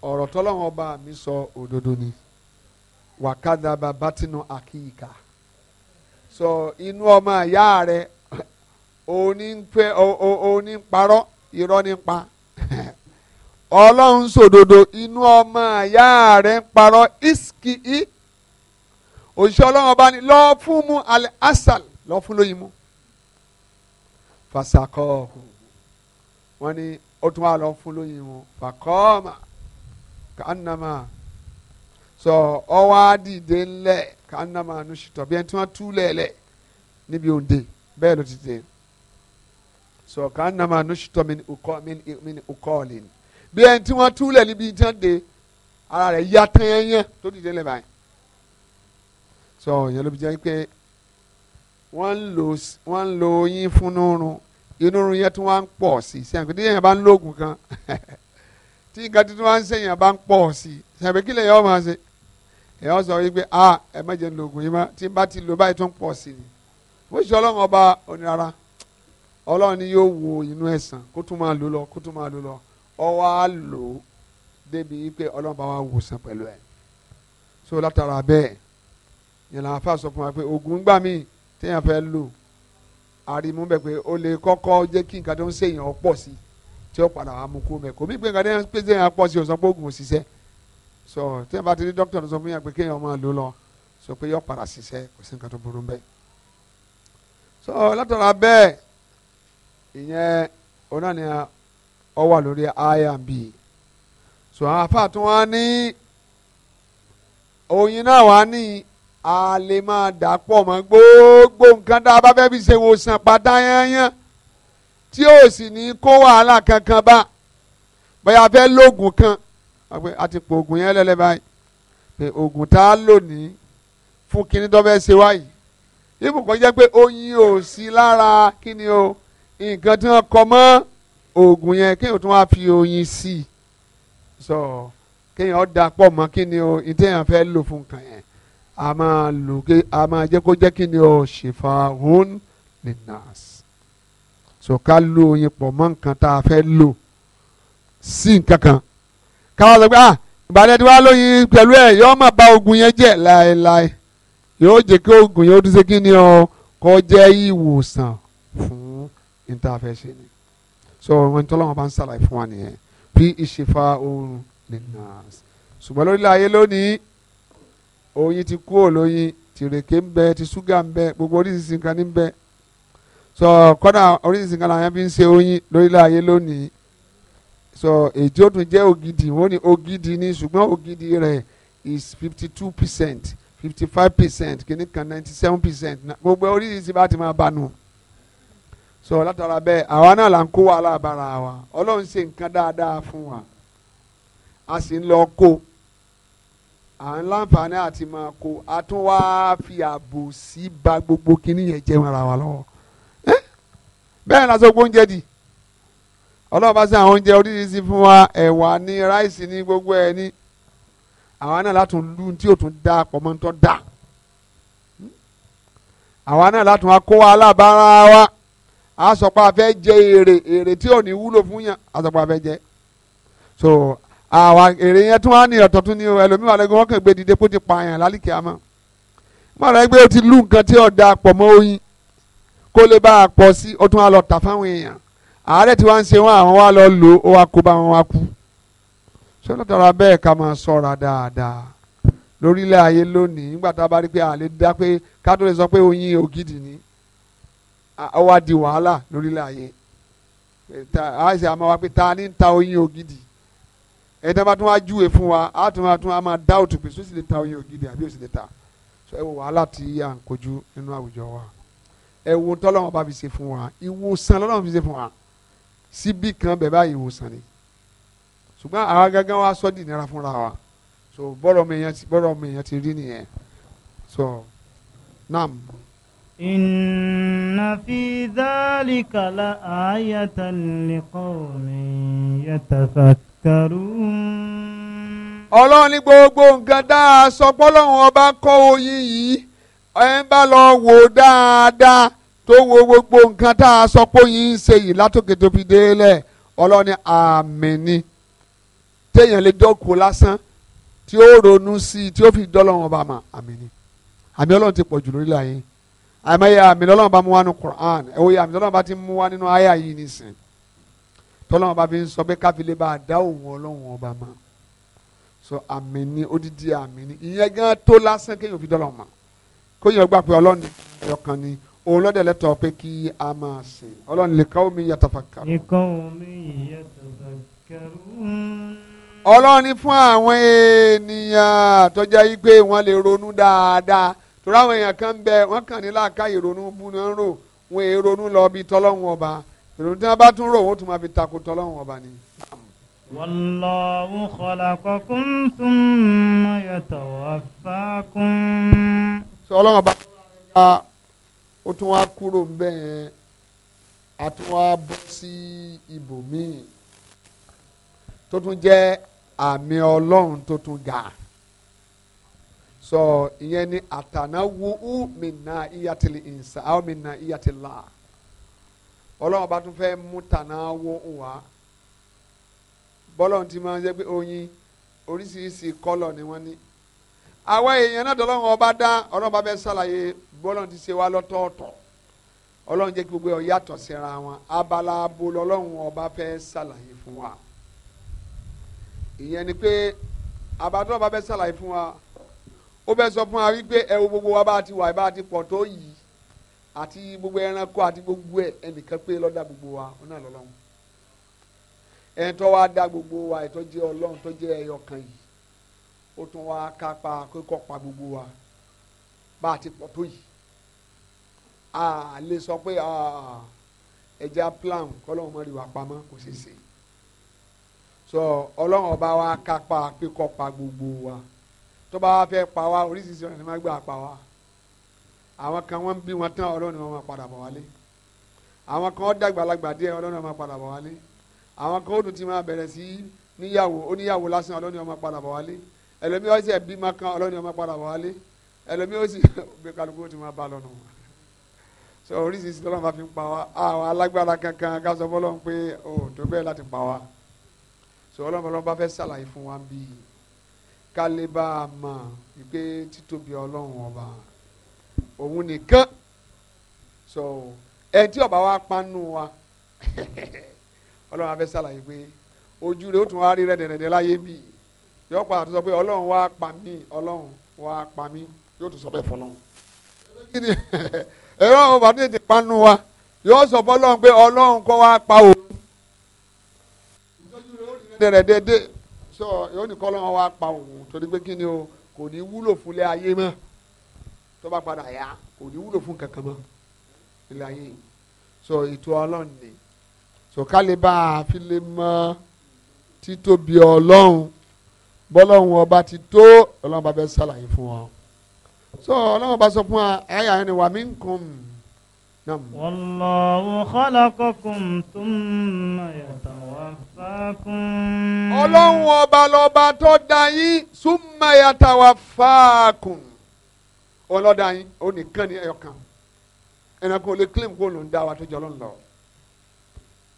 ọ̀rọ̀ tọ́lọ́run ọba mi sọ òdodo ni wàkàdàbà bátínú àkìkà sọ inú ọmọ ìyá rẹ òní ń pẹ òní ń parọ́ irọ́ ní pa ọlọ́run sòdodo inú ọmọ ìyá rẹ ń parọ́ iski i òṣìṣẹ́ ọlọ́run ọba ní lọ́ọ́ fún mu alẹ́ asal lọ́ọ́ fún lóyún mu fasakọ́ọ̀kù wọ́n ní ó tún wá lọ fún lóyún wọn fàkọ́ọ̀mà kànáàmà sọ ọwọ́ àdìdé ńlẹ̀ kànáàmà nùsùtọ̀ bí ẹni tí wọ́n tú lẹ̀lẹ̀ níbi òde bẹ́ẹ̀ ló ti dé sọ kànáàmà nùsùtọ̀ mi ní ukọ́ọ̀lì bí ẹni tí wọ́n tú lẹ̀ níbi ìtàn dé ara rẹ̀ yá tán tó dìde lẹ̀ báyìí sọ ìyẹn ló fi jẹ́ pé wọ́n ń lo oyin fún oorun inú oorun yẹn tí wọ́n ń pọ̀ sí i sẹ́yìn pé tí èèyàn bá ń lóògùn kan tí nǹkan tuntun wá ń sẹ́yìn èèyàn bá ń pọ̀ sí i sẹ́yìn pé kí lè yọ ọ́ ṣe èèyàn sọ wípé a ẹ má jẹ́ lóògùn yìí mọ́ tí n bá ti lò báyìí tó ń pọ̀ sí i bó ṣe ọlọ́run ọba onírara ọlọ́run ni yóò wo inú ẹ̀sán kó tún máa lò lọ kó tún máa lò lọ ọ wá lò ó débi wípé ọlọ́run bá wá wòsàn so látara bẹ́ẹ̀ yẹn làwọn téèyàn fẹ́ lò àrímú bẹ pé ó lè kọ́kọ́ jẹ́ kí nǹkan tó ń ṣèyàn pọ̀ sí tí ó padà wà mú kó mẹ kò mí pé nǹkan tó ń pèsè yàn pọ̀ sí òsàn pé oògùn òṣìṣẹ́ so téèyàn bá ti rí dókítà tó sọ fún yàn pé kéèyàn máa lò lọ sọ pé yọ padà ṣiṣẹ́ kò sí nǹkan tó burú bẹ́ẹ̀ so látara bẹ́ẹ̀ ìyẹn ọ̀nà ni ọ wà lórí imb so àwọn afa tó wá ní oyin náà wá ní a lè máa dà pọ̀ mọ́ gbogbo nǹkan tá a bá fẹ́ fi ṣe ìwòsàn pátá yányán tí ó sì ní kó wàhálà kankan bá bóyá fẹ́ lóògùn kan àti pò oògùn yẹn lẹ́lẹ́ báyìí pé tá a lò ní fún kíní tó fẹ́ ṣe wáyìí ibùkún jẹ́ pé oyin ò sí lára kíni o nǹkan tí wọ́n kọ mọ́ oògùn yẹn kéèyàn tún wá fi oyin sí i sọ kéèyàn dà pọ̀ mọ́ kíni o ìtẹ̀yàn fẹ́ lò fún nǹkan yẹn a máa lò ké a máa jẹ́ kó jẹ́ kí ni ọ ṣèfà hún lè nàás so ká lo oyin pọ̀ mọ́ nǹkan tá a fẹ́ lò sí nǹkan kan káwọn sọ pé ah ìbàdàn tí wàá lóyin pẹ̀lú ẹ̀ yóò máa ba oògùn yẹn jẹ́ láéláé yóò jẹ́ kí oògùn yẹn ó dúró sí kí ni ọ kọ́ jẹ́ ìwòsàn fún níta fẹ́ ṣe ni so wọn tọ́lọ́ wọn bá ń ṣàlàyé fún wa nìyẹn bí ìṣèfà oorun lè nàás ṣùgbọ́n lórílẹ̀ ayé lónìí oyin ti kú olóyin tìrèké ń bẹ ti ṣúgà ń bẹ gbogbo oríṣiríṣi nǹkan ní ń bẹ sọ kọ́dà oríṣiríṣi nǹkan làwọn fi ń ṣe oyin lórílẹ̀ ayé lónìí sọ èyí ó tún jẹ́ ògidì wọ́n ní ògidì ni ṣùgbọ́n ògidì rẹ̀ is fifty two percent fifty five percent kìíní kan ninety seven percent gbogbo oríṣiríṣi bá ti máa bánu sọ látara bẹ́ẹ̀ àwa náà là ń kó wàhálà bára wa ọlọ́run ṣe nǹkan dáadáa fún wa a sì ń lọ kó à ń láǹfààní àti máa kó a tún wá fi ààbò sí ba gbogbo kíní yẹn jẹun ara wa lọ́wọ́ bẹ́ẹ̀ la sọ pé oúnjẹ dì ọlọ́run bá sẹ́ àwọn oúnjẹ oríṣiríṣi fún wa ẹ̀wà ní ráìsì ní gbogbo ẹ̀ ní àwa náà látún lù tí ò tún dá pọ̀ tó dá àwa náà látún wa kó alábàárà wa a sọ jẹ èrè èrè tí ò ní wúlò fún yàn a sọ jẹ so àwa èrè yẹn tún wá ní ọ̀tọ̀ tún ní ẹlòmíràn lẹ́gbẹ̀ẹ́ wọ́n kàn gbé dìde kó ti pààyàn lálìkí àmọ́ mọ̀rẹ́ gbé o ti lù nǹkan tí ọ̀dà pọ̀ mọ́ oyin kó lè bá a pọ̀ sí o tún wá lọ tà fáwọn èèyàn àárẹ̀ tí wọ́n ń ṣe wọn àwọn wá lọ lò ó wá kó bá wọn wá kú ṣé lọ́tara bẹ́ẹ̀ ká máa ṣọ́ra dáadáa lórílẹ̀ ayé lónìí nígbà tá a bá rí pé àlè dá pé ká sọ pé oyin ògidì ni ó wá di wàhálà lórílẹ̀ ayé àìsè àmọ́ wá pé ta ni ta oyin ògidì ẹni tí wọn bá tún wá júwe fún wa á tún wá tún wá máa dá òtún pé sósì lè ta oyin ògidì àbí òsì lè ta so ẹ wo wàhálà tí à ń kojú nínú àwùjọ wa ẹ wo tọ́lọ́wọ́n bá fi ṣe fún wa ìwòsàn lọ́lọ́wọ́n fi ṣe fún wa síbí kan bẹ̀ báyìí ìwòsàn ni ṣùgbọ́n àwa gángan wa sọ́ di nira fúnra wa so bọ́rọ̀ mi yẹn ti bọ́rọ̀ mi yẹn ti rí nìyẹn so naam. إن في ذلك لآية لقوم يتفكرون تذكرون ọlọ́run ní gbogbo nǹkan dáa sọ pọ́lọ́run ọba kọ́ oyin yìí ẹ ń bá lọ wò dáadáa tó wo gbogbo nǹkan tá a sọ pé oyin ń ṣe yìí látòkè tó fi délẹ̀ ọlọ́run ní àmì ni téèyàn lè jókòó lásán tí ó ronú sí i tí ó fi dọ́lọ́run ọba mà àmì ni àmì ọlọ́run ti pọ̀ jù lórí láyé àmì àmì ọlọ́run bá mú wá nínú Quran ẹ̀wòye àmì ọlọ́run bá ti mú wá nínú àyà yìí nìsín tọ́lọ́wọ́n bá fi ń sọ pé káfílẹ̀ bá dá òun ọlọ́run ọba mọ́ so àmì ni odidi àmì ni ìyẹn gan tó lásán kéèyàn fi dọ́lọ́ mọ́ kó yẹn gbà pé ọlọ́ni ọ̀kan ni òun lọ́dẹ̀ lẹ́tọ̀ pé kí a máa ṣe ọlọ́ni lè káwọ́ mi yatafakkarun. lè káwọ́ mi yatafakkarun. ọlọ́ni fún àwọn ènìyàn tó jẹ́ yí pé wọ́n lè ronú dáadáa torí àwọn èèyàn kan bẹ wọ́n kàn ní láàká ìrònú bú ni ń rò wọ́n èrò ronú lọ bí tọ́lọ́run ìròyìn tí wọ́n bá tún rò wọ́n tún máa fi takò tọ́lọ́run ọba ni. Wallahu khalaqakum thumma yatawaffakum. sọ ọlọ́run ọba ó tún wá kúrò bẹ́ẹ̀ a tún wá bọ́ sí ibòmíì tó tún jẹ́ àmì ọlọ́run tó tún ga sọ ìyẹn ni àtànáwó ú mi nà iyàtìlì ìnsà àwọn mi nà iyàtìlà. So, ọlọ́run bá tún fẹ́ mú tànà wo wá bọ́lọ́run ti máa ń jẹ́ pé oyin oríṣiríṣi kọ́lọ̀ ni wọ́n ní àwa èèyàn náà tọ́lọ́run ọba dá ọlọ́run bá fẹ́ ṣàlàyé bọ́lọ́run ti ṣe wá lọ́tọ̀ọ̀tọ̀ ọlọ́run jẹ́ kí gbogbo ẹ̀ yàtọ̀ síra wọn abala abo lọ́lọ́run ọba fẹ́ ṣàlàyé fún wa ìyẹn ni pé àbátọ́ ọba fẹ́ ṣàlàyé fún wa ó fẹ́ sọ fún wa wípé ẹ àti gbogbo ẹranko àti gbogbo ẹ ẹnìkan pé ló dá gbogbo wa ó náà lọ́lọ́run ẹ̀ńtọ́ wa dá gbogbo wa ẹ̀tọ́ jẹ́ ọlọ́run tó jẹ́ ẹyọ kan yìí ó tún wá kápá kíkọ́ pa gbogbo wa bá a ti pọ̀ tó yìí a lè sọ pé ẹja plan kọ́lọ́run mọ́ rí wa pamọ́ kò ṣeé ṣe sọ ọlọ́run ọba wa kápá kíkọ́ pa gbogbo wa tó bá wa fẹ́ pa wa oríṣiríṣi ọ̀nà ni wọ́n máa gbà pa wa. So, àwọn kan wọ́n bí wọn tán ọlọ́run ni wọ́n máa padà bọ̀ wálé àwọn kan dàgbàlagbà díẹ̀ ọlọ́run ni wọ́n máa padà bọ̀ wálé àwọn kan ó dùn ti máa bẹ̀rẹ̀ sí níyàwó oníyàwó lásán ọlọ́run ni wọ́n máa padà bọ̀ wálé ẹlòmí ó sì ẹbí máa kan ọlọ́run ni wọ́n máa padà bọ̀ wálé ẹlòmí ó sì gbé kálukú ó ti máa bá lọ́nà wọn so oríṣiríṣi lọ́nà máa fi ń pa wá àwọn alágbára kankan ká sọ fọlọ́n pé o tó bẹ́ẹ̀ láti pa wá so ọlọ́run ọlọ́run bá fẹ́ òun nìkan so ẹni tí ọba wa panu wa ọlọ́run afẹ́ sàlàyé pé ojú rẹ̀ ó tún wá rí rẹ̀ dẹ̀dẹ̀dẹ̀ láyé mi yọ padà tó sọ pé ọlọ́run wá pa mí ọlọ́run wá pa mí yóò tún sọ bẹ́ẹ̀ fọlọ́ ẹ̀rọ àwọn bàbá tètè panu wa yọ sọ fọlọ́run pé ọlọ́run kọ́ wá pa òun ojú rẹ̀ ó rí rẹ̀ dẹ̀dẹ̀dẹ̀ sọ yóò ní kọ́ ọlọ́run wá pa òun torí pé kí ni o kò ní wúlò fúnlẹ̀ ayé mọ́ tó padà yá kò ní wúlò fún kankan mọ́ ilé ayé yìí so ètò ọlọ́run ni so kálíbà àfi lè mọ títóbi ọlọ́run bọ́lọ́run ọba ti tó ọlọ́run bá fẹ́ sàlàyé fún ọ so ọlọ́run bá sọ fún wa àyà ẹni wà mí ń kún un. wallahu khalaqakum thumma yatawaffakum. ọlọ́run ọba lọ́ba tó dá ọlọ́dà yín ó nìkan ní ẹyọkan ẹnìkan ò lè claim kó ló ń dá wa tó jọ lọ́nà lọ.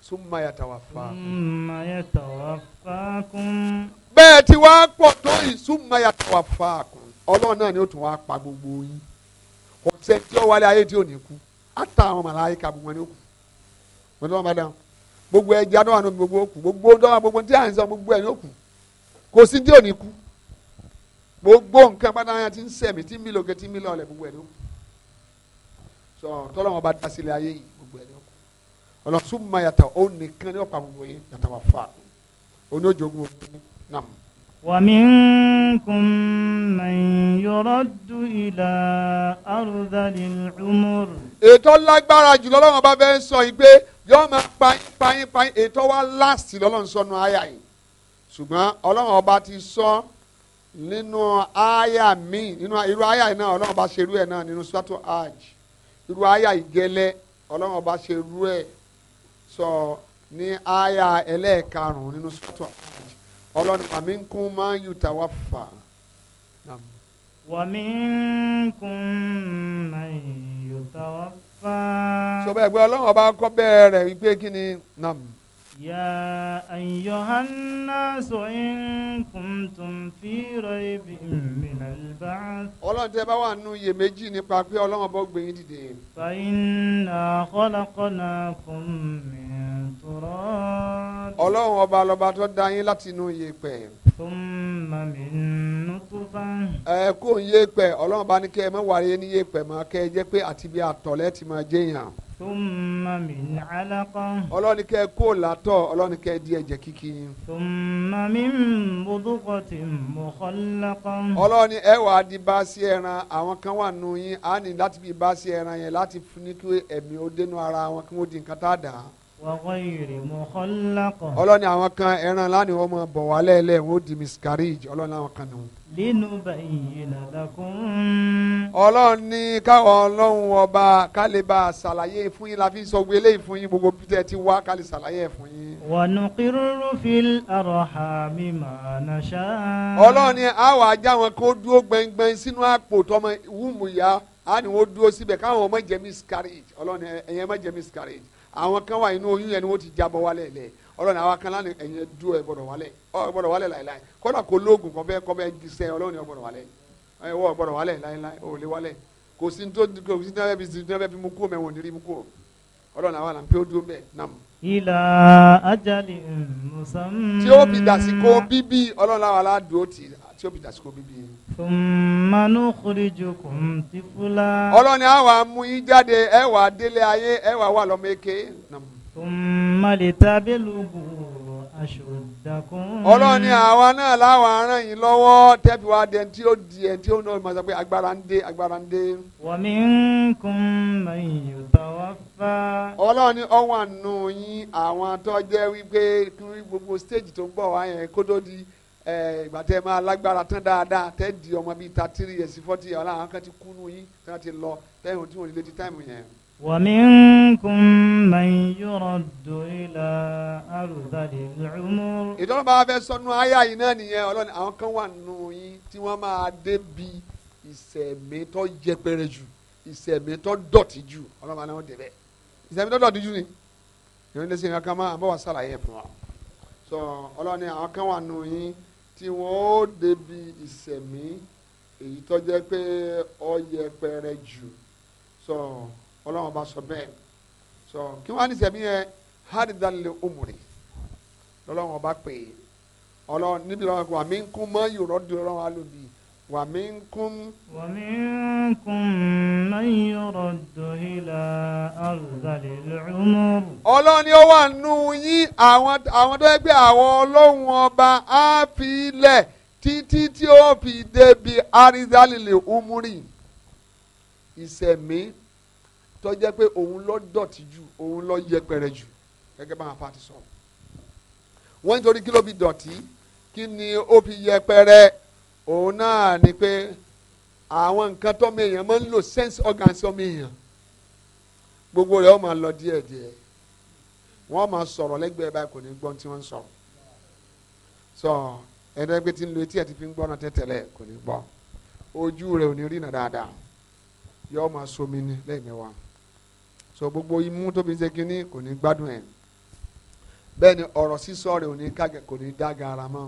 summa yatawaffaakum. summa yatawaffaakum. bẹ́ẹ̀ tí wàá pọ̀ tó yìí summa yatawaffaakum ọlọ́run náà ni ó tún wàá pa gbogbo yín ọ̀sẹ̀ tí ó wálé ayé tí ò ní kú àtà àwọn màláyíkà gbogbo wọn ni ó kù wọn lọ́wọ́ máa gbogbo ẹja náà wà ní gbogbo ó kù gbogbo dọ́wọ́ gbogbo tí à ń sọ gbogbo ẹ̀ ni ó kù kò sí tí ò ní kú gbogbo nǹkan pátáyà ti ń sẹ̀mí tí ń mí lókè tí ń mí lọ́ọ̀lẹ̀ gbogbo ẹ̀ ló sọ tọ́lọ́wọ́n bá dá sílé ayé yìí gbogbo ẹ̀ ló ọ̀nà súnmọ́ yàtọ̀ ó nìkan ní ọ̀pá gbogbo yìí yàtọ̀ wà fà oníjógun ogun nam. ومنكم من يرد إلى أرذل العمر. ètò lágbára jùlọ lọ́wọ́n bá bẹ́ẹ̀ sọ ìgbé yóò nínú àyà míì nínú irú àyà náà ọlọ́run bá ṣe irú ẹ̀ náà nínú sọ́tò hajj irú àyà ìgẹlẹ́ ọlọ́run bá ṣe irú ẹ̀ sọ ní àyà ẹlẹ́ẹ̀karùn-ún nínú sọ́tò hajj ọlọ́run àmì ń kún máa ń yùtà wá fà. ومنكم من يتوفى. sọ bẹ́ẹ̀ gbé ọlọ́run ọba kọ́ bẹ́ẹ̀ rẹ̀ wípé kí ni. يا أيها الناس إن كنتم في ريب من البعث ọlọ́run tẹ́ bá wà nù iyèméjì nípa pé ọlọ́run bọ́ gbé yín dìde. فإنا خلقناكم من تراب. ọlọ́run ọba lọ́ba tó dá yín láti inú yèèpẹ̀. ثم من نطفة. ẹ kó ń yèèpẹ̀ ọlọ́run bá ní kẹ́ ẹ má wà ní yèèpẹ̀ máa kẹ́ ẹ jẹ́ pé àti bí atọ̀lẹ́ ti máa jẹ́yàn. Thumma min alaqa. ọlọ́ni kẹ́ kó látọ̀ ọlọ́ni kẹ́ di ẹ̀jẹ̀ kíkì. Thumma min mudughatin mukhallaqa. di báàsì ẹran àwọn kan wà nù yín láti fi báàsì ẹran yẹn láti ní kí ẹ̀mí ó ara wọn kí wọ́n di nǹkan tá a dà. wa ghayri mukhallaqa. ọlọ́ni àwọn kan ẹran lánìí wọ́n mọ̀ wálẹ̀ lẹ̀ wọ́n di miscarriage ọlọ́ni àwọn kan nù linubayyina lakum. ọlọ́run ní káwọn ọlọ́run ọba ká ṣàlàyé fún yín la fi sọ gbélé fún yín gbogbo bí tẹ́ ti wá ká lè ṣàlàyé fún yín. wa nuqirru fil arhami ma nasha. ọlọ́run ní àwọn ajá wọn kó dúró gbẹngbẹng sínú àpò tọmọ wúmu ya á ní wọ́n dúró síbẹ̀ káwọn ọmọ jẹ́ miscarriage ọlọ́run ẹ̀yẹn má jẹ́ miscarriage àwọn kan wà inú oyún yẹn ni wọ́n ti jábọ̀ wálẹ̀ lẹ́ẹ̀ ọlọ́run àwa kan ni ẹ̀yìn dúró ẹ̀ gbọ́dọ̀ wálẹ̀ ọ gbọ́dọ̀ wálẹ̀ láìláì kódà kó lóògùn kọ́ bẹ́ẹ̀ kọ́ bẹ́ẹ̀ jíṣẹ́ ọlọ́run ẹ̀ gbọ́dọ̀ wálẹ̀ ẹ̀ wọ́ gbọ́dọ̀ wálẹ̀ láìláì ò lè wálẹ̀ kò sí tó kò sí tó bẹ́ẹ̀ bí sí tó bẹ́ẹ̀ bí mú kú mẹ́wọ̀n ní rí mú kú ọlọ́run àwa là ó dúró bẹ́ẹ̀ nàm. ìlà ajali musamman. tí ó fi dàsìkò bíbí ọlọ́run àwa lá dúró tì tí ó fi dàsìkò bíbí. fúnmanú kúrìjùkùn ti fúlá. ọlọ́run àwa mú yín jáde ẹ ثم ọlọ́run ni àwa náà láwa aràn yín lọ́wọ́ tẹ́bi wa dẹ̀ tí ó di ẹ̀ tí ó náà máa sọ pé agbára ń dé agbára ń dé. ومنكم من يتوفى. ọlọ́run ni ọwọ́ àánú yín àwọn tó jẹ́ wípé kí gbogbo stage tó ń bọ̀ wá yẹn kó tó di ìgbà tẹ́ máa lágbára tán dáadáa tẹ́ di ọmọ bíi thirty years forty years ọlọ́run kan ti kú nù yín tí ti lọ tẹ́yìn tí wọ́n lè di táìmù yẹn. ومنكم من يرد إلى أرذل العمر. ìtọ́nà bá wa fẹ́ sọnù àyà yìí náà nìyẹn ọlọ́ni àwọn kan wà nù yín tí wọ́n máa dé bi ìṣẹ̀mí tó yẹpẹrẹ jù ìṣẹ̀mí tó dọ̀tí jù ọlọ́mọ náà dé bẹ́ẹ̀ ìṣẹ̀mí tó dọ̀tí jù ni ìrìn lè ṣe nǹkan kan máa àbọ̀ wá sàlàyé fún wa sọ ọlọ́ni àwọn kan wà nù yín tí wọ́n ó dé bi ìṣẹ̀mí èyí tó jẹ́ pé ó yẹpẹrẹ jù sọ. So, ọlọ́run bá sọ bẹ́ẹ̀ sọ kí wọ́n á ní sẹ́mi yẹn hádìdálẹ̀ òmùrè lọ́lọ́run bá pè é ọlọ́run níbi lọ́wọ́ wà mí ń kún mọ́ yòrọ́ di ọlọ́run á lòdì wà mí ń kún. wà mí ń kún mọ́ yòrọ́ dòhí la àrùdálẹ̀ lọ́mọ́. ọlọ́run ni ó wà nù yín àwọn àwọn tó yẹ pé àwọn ọlọ́run ọba á fi lẹ̀ títí tí ó fi débi àrídálẹ̀ òmùrè ìsẹ̀mí tó jẹ́ pé òun ló dọ̀tí jù òun ló yẹpẹrẹ jù gẹ́gẹ́ bá wọn fa ti sọ. wọ́n nítorí kí ló fi dọ̀tí kí ni ó fi yẹpẹrẹ òun náà ni pé àwọn nǹkan tọ́mọ èèyàn máa ń lò sense organs ọmọ èèyàn gbogbo rẹ̀ ó máa lọ díẹ̀díẹ̀ wọ́n máa sọ̀rọ̀ lẹ́gbẹ̀ẹ́ báyìí kò ní gbọ́n tí wọ́n ń sọ̀rọ̀ sọ ẹ̀dá pé tí ń lo etí ẹ̀ ti fi ń gbọ́n náà tẹ́tẹ̀lẹ̀ kò ní gbọ́ ojú rẹ̀ ò ní rí nà dáadáa yọ ọ́ máa somi ní lẹ́ẹ̀mẹ́wàá so gbogbo imú tó fi ṣe kínní kò ní gbádùn ẹ̀ bẹ́ẹ̀ ni ọ̀rọ̀ sísọ rẹ̀ ò ní kágẹ̀ kò ní dá gara mọ́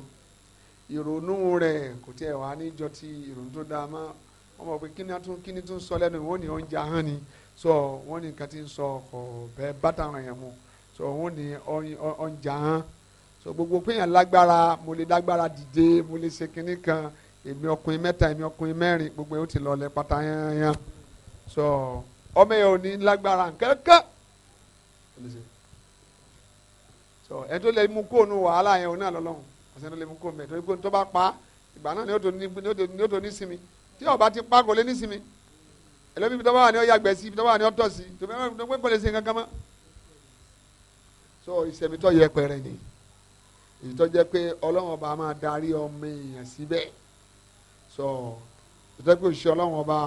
ìrònú rẹ̀ kò tiẹ̀ wá níjọ ti ìrònú tó dáa mọ́ wọ́n mọ̀ pé kíni tún kíni tún sọ lẹ́nu wọ́n ní oúnjẹ ahọ́n ni so wọ́n ní nǹkan ti ń sọ ọkọ̀ bẹ́ẹ̀ bàtà wọn yẹn mu so wọ́n ní oúnjẹ ahọ́n so gbogbo péyàn lágbára mo lè lágbára dìde mo lè ṣe kínní kan èmi ọkùnrin mẹ́ta èmi ọkùnrin mẹ́rin gbogbo yẹn ó ti lọ lẹ́ pátá yányán so ọmọ yẹn ò ní lágbára kankan so ẹ tó lè mú kóònù wàhálà yẹn òun náà lọ́lọ́run ọ̀sẹ̀ tó lè mú kóònù ẹ̀ tó kóònù tó bá pa á ìgbà náà ni ó tó ní ni ó tó ní sinmi tí ọba ti pa kò lè ní sinmi ẹlẹ́mi ibi tó bá wà ní ó yàgbẹ́ sí ibi tó bá wà ní ó tọ̀ sí tó bá wà kò lè ṣe kankan mọ́ so ìsẹ̀mi tó yẹ pẹ̀rẹ̀ ni èyí tó jẹ́ pé ọlọ́run ọba máa darí ọmọ èèyàn síbẹ̀ so ìtọ́jú òṣìṣẹ́ ọlọ́run ọba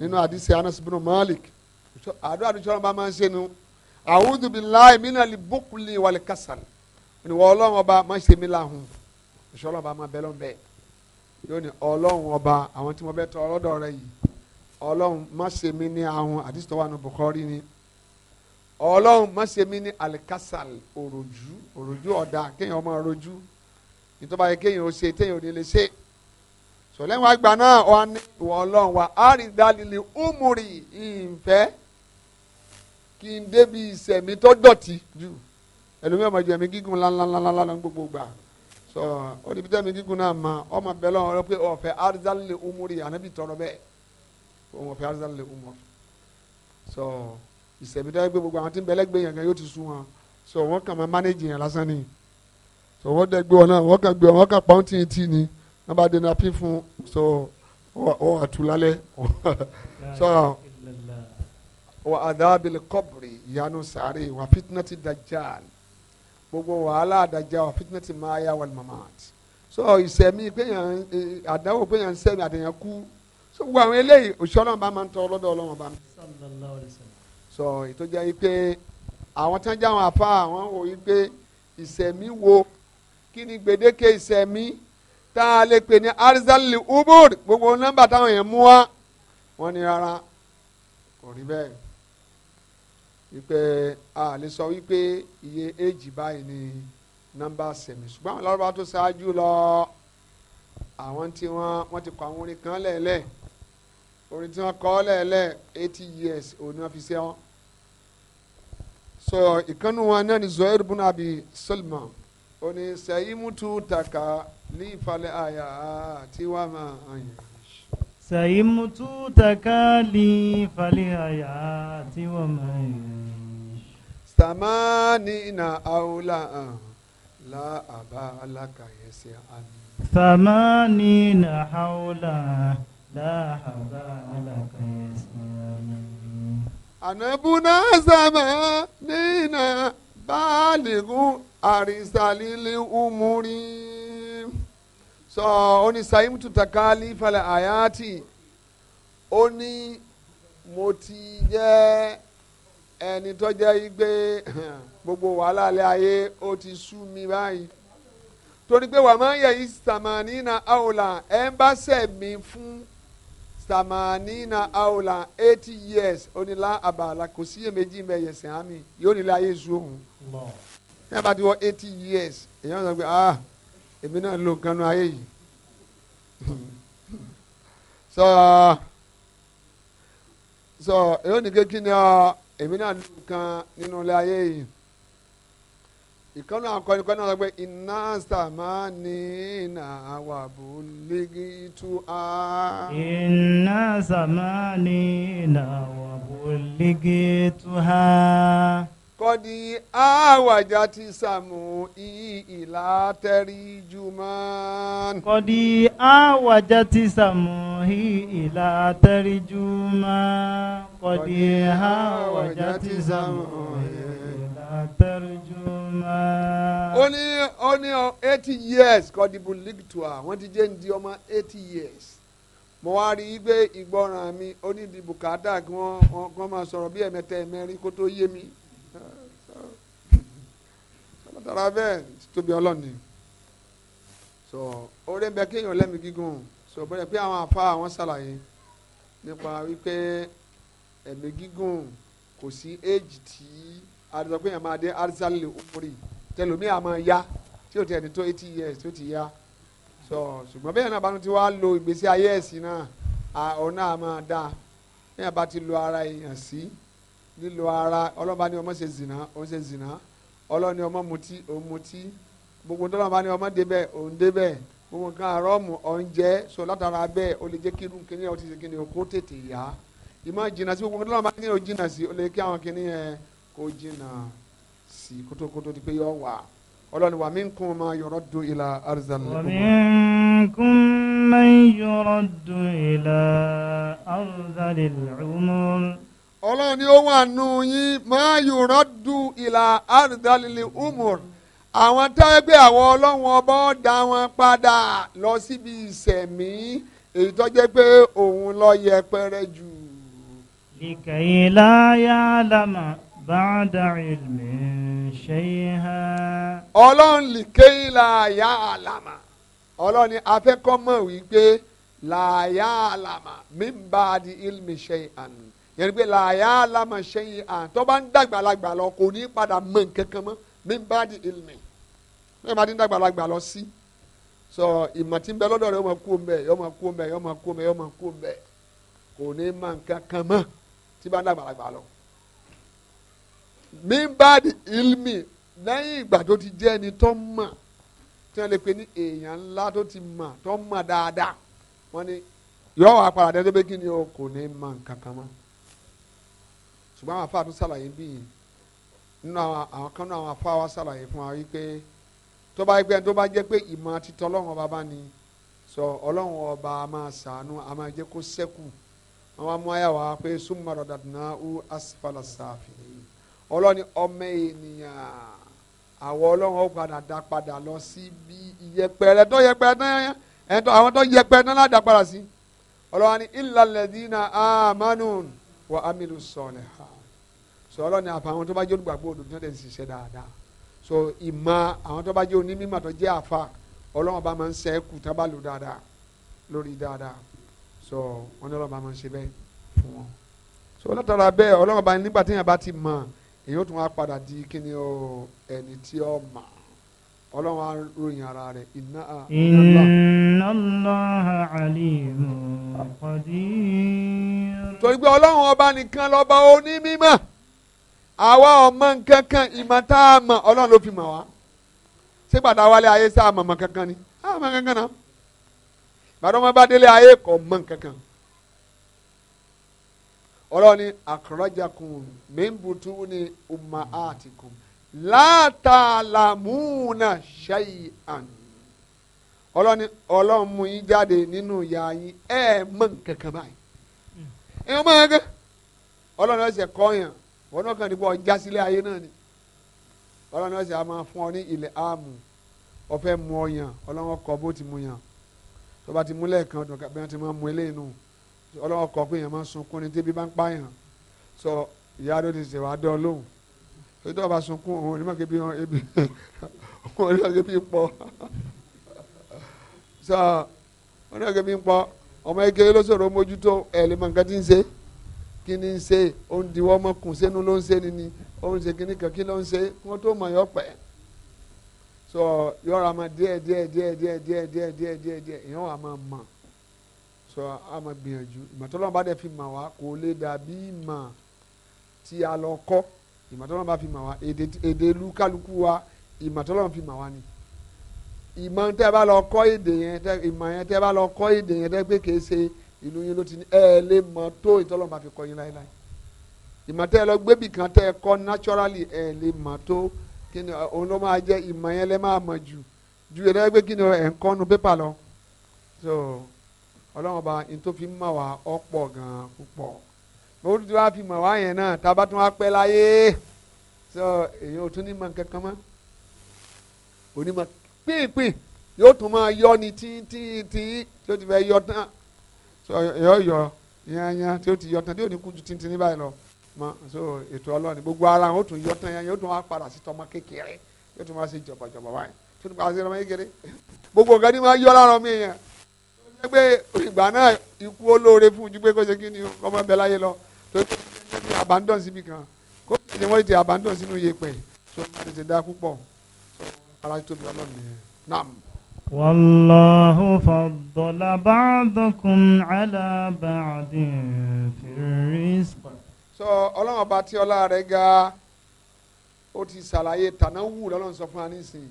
nínú àdìsí Anas bin Malik àdúrà tó sọ̀rọ̀ bá máa ń ṣe nu a'udhu billahi minal bukhli wal kasal ìwọ ọlọ́run ọba má ṣe mí láhùn ìṣọ́ ọlọ́run ọba má bẹ́ lọ́n bẹ́ẹ̀ yóò ní ọlọ́run ọba àwọn tí mo bẹ́ tọ ọlọ́dọ̀ rẹ yìí ọlọ́run má ṣe mí ní ahùn àdìsí tó wà ní Bukhari ni ọlọ́run má ṣe mí ní alikasal òròjú òròjú ọ̀dà kéèyàn ọmọ òròjú ìtọ́ba yẹ kéèyàn ó ṣe téèyàn ò ní lè ṣe sọlẹ́yìn wa gbà náà wà ní ìwọ ọlọ́run wa àrídàlílì umuri ìfẹ́ kí n débi ìsẹ̀mí tó dọ̀tí jù ẹlòmíràn máa ju ẹ̀mí gígùn lánlánlánlá gbogbo gbà sọ olùbí tẹ̀mí gígùn náà ma ọmọ bẹ́ẹ̀ lọ́wọ́ ọ̀rọ̀ pé ọ̀fẹ́ àrídàlílì umuri ànábì tọrọ bẹ́ẹ̀ òun ọ̀fẹ́ àrídàlílì umuri sọ ìsẹ̀mí tó gbé gbogbo àwọn tí ń bẹ́lẹ́gbẹ̀ẹ́ yẹn yóò ti sún wọn sọ wọ́n kàn máa mánéjì yẹn lásán ni sọ wọ́n dẹ́gbẹ́ wọn náà wọ́n kàn gbé wọn wọ́n kàn pọ́ńtì tì ní wọ́n bá dènà pín so ó wà tú so wa àdábìlì kọ́bìrì yanu sàárè wa fitinati dajjal gbogbo wàhálà dajjal wa fitinati máyà wà mamat so ìsẹ̀mí gbẹ̀yàn àdáwò gbẹ̀yàn sẹ̀mí àdéyàn kú so gbogbo àwọn eléyìí òṣìṣẹ́ ọlọ́run bá máa ń tọ́ ọlọ́dọ̀ so ìtọ́jà yìí pé àwọn tí wọ́n jẹ́ àwọn àfa àwọn wò wo kí ni gbèdéke tá a lè pè ní arzali ubud gbogbo nọ́mbà táwọn yẹn mú wá wọ́n ní rárá kò rí bẹ́ẹ̀ wípé a lè sọ wípé iye èjì báyìí ni nọ́mbà sẹ̀mí ṣùgbọ́n àwọn lọ́rọ́ bá tó ṣáájú lọ àwọn tí wọ́n wọ́n ti kọ àwọn orin kan lẹ́ẹ̀lẹ́ orin tí wọ́n kọ́ lẹ́ẹ̀lẹ́ eighty years òní wọ́n fi ṣe wọ́n so ìkànnì wọn náà ni zohar ibn abi salman oní sẹ́yìn taka. لفالآيات وما يشاء سيمت تكاليف لآيات وما يشاء ثمانين أولا لا أبا لك يسعن ثمانين حولا لا أبا لك يسعن أنا بنا زمانين بالغ أرسل الأمور so oni ní sahim tutakali falẹ̀ ayati oni ní mo ti jẹ́ ẹni tó jẹ́ igbe gbogbo wàhálà alẹ́ ayé ó ti sú mi báyìí torí pé wàá máa yẹ yìí sàmánínà àwòlà ẹ̀ ń bá sẹ̀ mí fún eighty years onílà àbàlà kò sí èméjì mẹ́ yẹ̀sẹ̀ àmì yóò nílẹ̀ ayé zu òun. ní abàtí wọ eighty years èèyàn sọ pé ah èmi náà lo nǹkan nu ayé yìí sọ sọ èyí ò ní kékin ni ọ èmi náà lo nǹkan nínú ilé ayé yìí ìkànnì àkọni kan náà sọ pé iná sàmánì náà wà bùlígì tú iná sàmánì náà wà bùlígì tú kọ́dí àwàjà ti sàmù ìlà tẹ́rí jùmọ́. kọ́dí àwàjà ti sàmù ìlà tẹ́rí jùmọ́. kọ́dí àwàjà ti sàmù ìlà tẹ́rí jùmọ́. ó ní ó ní eighty years kọ́dí buligitua wọ́n ti jẹ́ ń di ọmọ eighty years mo wá rí i pé ìgbọràn mi ó ní di bùkátà kí wọ́n máa sọ̀rọ̀ bí ẹ̀mẹ́ta ẹ̀mẹ́rin kó tó yé mi látara bẹ́ẹ̀ tóbi ọlọ́ni so oore ń bẹ kéèyàn lẹ́mìí gígùn so bọ́dẹ̀ pé àwọn àfa àwọn ṣàlàyé nípa wípé ẹ̀mí gígùn kò sí éèjì tí àdìsọ pé èèyàn máa dé arzali umri tẹlomi àmọ́ ya tí o ti ẹni tó eighty years tí o ti ya so ṣùgbọ́n bẹ́ẹ̀ náà bá ti wá lo ìgbésí ayé ẹ̀sìn náà ọ̀nà àmọ́ dáa bẹ́ẹ̀ bá ti lo ara èèyàn sí. Si lílo ara ọlọ́ba ní ọmọ ṣe zìnà ó ṣe zìnà ọlọ́ni ọmọ mutí ó mutí gbogbo tọ́lọ́ba ni ọmọ débẹ̀ ó débẹ̀ gbogbo nǹkan àrọ́ọ̀mù ọ̀njẹ́ so látara bẹ́ẹ̀ ó lè jẹ́ kí irú kìnìyàn ó ti ṣe kìnìyàn kó tètè yá ìmọ̀ jìnnà sí gbogbo tọ́lọ́ba ní ni o jìnnà sí o lè kí àwọn kìnìyàn kó sí kótókótó pé yọ wà ọlọ́ni wà mí ń kún ọmọ yọ̀rọ̀ ìlà ọlọ́run ni ó wà nù yín máa yòrán du ìlà àrùdálẹ́lẹ́ umur àwọn tẹ́gbẹ́ àwọn ọlọ́run ọba dá wọn padà lọ síbi ìsẹ̀mí èyí tó jẹ́ pé òun ló yẹ pẹ́rẹ́ jù. لكي لا يعلم بعد علم شيئا. ọlọ́run لكي لا يعلم ọlọ́run ni afẹ́kọ́mọ̀ wípé لا يعلم من بعد علم شيئا yẹn pé làyà lamọ̀ṣẹ́yìn à tó bá ń dàgbàlagbà lọ kò ní padà mọ̀ nǹkan kan mọ́ mi bá di ilmi bẹ́ẹ̀ bá ti ń dàgbàlagbà lọ sí sọ ìmọ̀ tí ń bẹ lọ́dọ̀ rẹ̀ yọmọ kú mbẹ yọmọ kú mbẹ yọmọ kú mbẹ yọmọ kú mbẹ kò ní mọ̀ nǹkan kan mọ́ tí bá ń dàgbàlagbà lọ. mi bá di ilmi lẹ́yìn ìgbà tó ti jẹ́ ẹni tó mọ̀ tí wọ́n lè pe ní èèyàn ńlá tó ti mọ̀ tó mọ̀ dáadáa wọ́n ní yọ̀ọ́ ni o kò ní ṣùgbọ́n àwọn afáà tún ṣàlàyé bíi nínú àwọn kan náà àwọn afáà wa ṣàlàyé fún wa wípé tó bá gbẹ tó bá pé ìmọ̀ ọba bá ní sọ ọlọ́run ọba a máa a máa jẹ́ kó sẹ́kù wọn wá mú àyà wá pé súnmọ́rọ̀ dàdúná ó lọ sí bí tó náà àwọn tó náà padà sí ọlọ́run ìlàlẹ̀ dínà Ah, wọ amilu sọọlẹ ha sọọlọ ni àfàwọn tó bá jẹ́ olùgbàgbọ́ òdodo tó ń tẹ̀sí ṣe dáadáa so ìmọ̀ àwọn tó bá jẹ́ onímọ̀ tó jẹ́ àfa ọlọ́run bá máa ń ṣe é kù tó bá lò dáadáa lórí dáadáa so wọn ní ọlọ́run bá máa ń ṣe bẹ́ẹ̀ fún wọn so látara bẹ́ẹ̀ ọlọ́run bá nígbà téèyàn bá ti mọ̀ èyí ó tún wá padà di kíni o ẹni tí ó mọ̀ ọlọ́run aróyìn ara rẹ̀ iná a. inna Allaha alimun qadir. torí pé ọlọ́run ọba nìkan lọ́ba onímímọ̀ àwa ọmọ nǹkan kan ìmọ̀ tá a mọ̀ ọlọ́run ló fi mọ̀ wá ṣé gbàdá wálé ayé sá àmọ̀ mọ̀ kankan ni àmọ̀ kankan náà gbàdá ọmọ bá délé ayé kọ̀ mọ̀ kankan ọlọ́run ni akhrajakum min butuni ummahatikum látàlámùnà ṣẹ́yì àná ọlọ́ni ọlọ́run mú yín jáde nínú ìyá yín ẹ̀ mọ̀ nǹkan báyìí ẹ̀ mọ̀ nǹkan ọlọ́run ọ̀sẹ̀ kọ́yàn wọn náà ní bọ́ já sílé ayé náà ni ọlọ́run ọ̀sẹ̀ a máa fún ọ ní ilẹ̀ ààmù ọ̀fẹ́ mu ọyàn ọlọ́run kọ bó ti mu yàn tó bá ti mú lẹ́ẹ̀kan ọdún bí wọ́n ti máa mu eléyìí nù ọlọ́run kọ pé èèyàn máa sunkún ní débi bá ń pààyàn sọ ìyá ló ti ṣèwádọ́ lóhùn ètò ọba sunkún òun ní mọ̀kẹ́ bí ebi òun ní mọ̀kẹ́ bí pọ̀ sọ òun ní mọ̀kẹ́ bí pọ̀ ọmọ eke ló sọ̀rọ̀ mójútó ẹ̀lẹ́mọ̀ nǹkan tí ń ṣe kí ni ń ṣe òun diwọ́ ọmọkùn sẹ́nu ló ń ṣe nìní òun ṣe kíní kan kí ló ń ṣe wọ́n tó mọ̀ yọ pẹ́ sọ yọra ma díẹ̀ díẹ̀ díẹ̀ díẹ̀ díẹ̀ díẹ̀ díẹ̀ díẹ̀ díẹ̀ ìyẹn wà máa mọ̀ sọ a máa gbìyànjú ìmọ̀tọ́lọ́mọba dẹ̀ fi mà wá kò lè dàbí ìmọ̀ tí a lọ kọ́ ìmọ̀tọ́lọ́n bá fi mà wá èdè lukaluku wa ìmọ̀tọ́lọ́n fi mà wá ni ìmọ̀ tẹ́ bá lọ kọ́ èdè yẹn tẹ́ ìmọ̀ yẹn tẹ́ bá lọ kọ́ èdè yẹn tẹ́ pé kìí ṣe ìlú yín ló ti ní ẹ lè mọ̀ tó ìtọ́lọ́n bá fi kọ́ yín láéláé ìmọ̀ tẹ́ lọ gbébì kan tẹ́ kọ́ naturally ẹ lè mọ̀ tó kí ni òun ló máa jẹ́ ìmọ̀ yẹn lẹ́ máa mọ̀ jù ju ẹ̀ so ọlọ́run ọba ní tó fi ń bó ti wá fi mọ̀ wá yẹn náà tá a bá tún wá pẹ́ láyé sọ èèyàn ò tún ní mọ̀ kankan mọ́ onímọ̀ pínpín yóò tún máa yọ ni tíntìntì tí ó ti fẹ́ yọ tán sọ yọ yọ yányán tí ó ti yọ tán tí ò ní kú ju tíntìntì báyìí lọ mọ so ètò ọlọ́ọ̀ni gbogbo ara wọn ó tún yọ tán yányán yóò tún wá padà sí tọmọ kékeré yóò tún wá sí jọ̀bọ̀jọ̀bọ̀ báyìí tó tún padà sí tọmọ kékeré gbogbo nǹkan ni máa yọ lára mi yẹn ó yẹ pé ìgbà náà ikú olóore fún ju pé kó ṣe kí ni ọmọ bẹ láyé lọ torí pé ní abandon síbi kan kó ní wọ́n ti abandon sínú yẹpẹ̀ so wọ́n ti ti da púpọ̀ ara tó bí ọlọ́run yẹn nam. والله فضل بعضكم على بعض في ọlọ́run ọba tí ọlá rẹ̀ ga ó ti ṣàlàyé tànáwù lọ́lọ́run sọ fún wa nísìnyí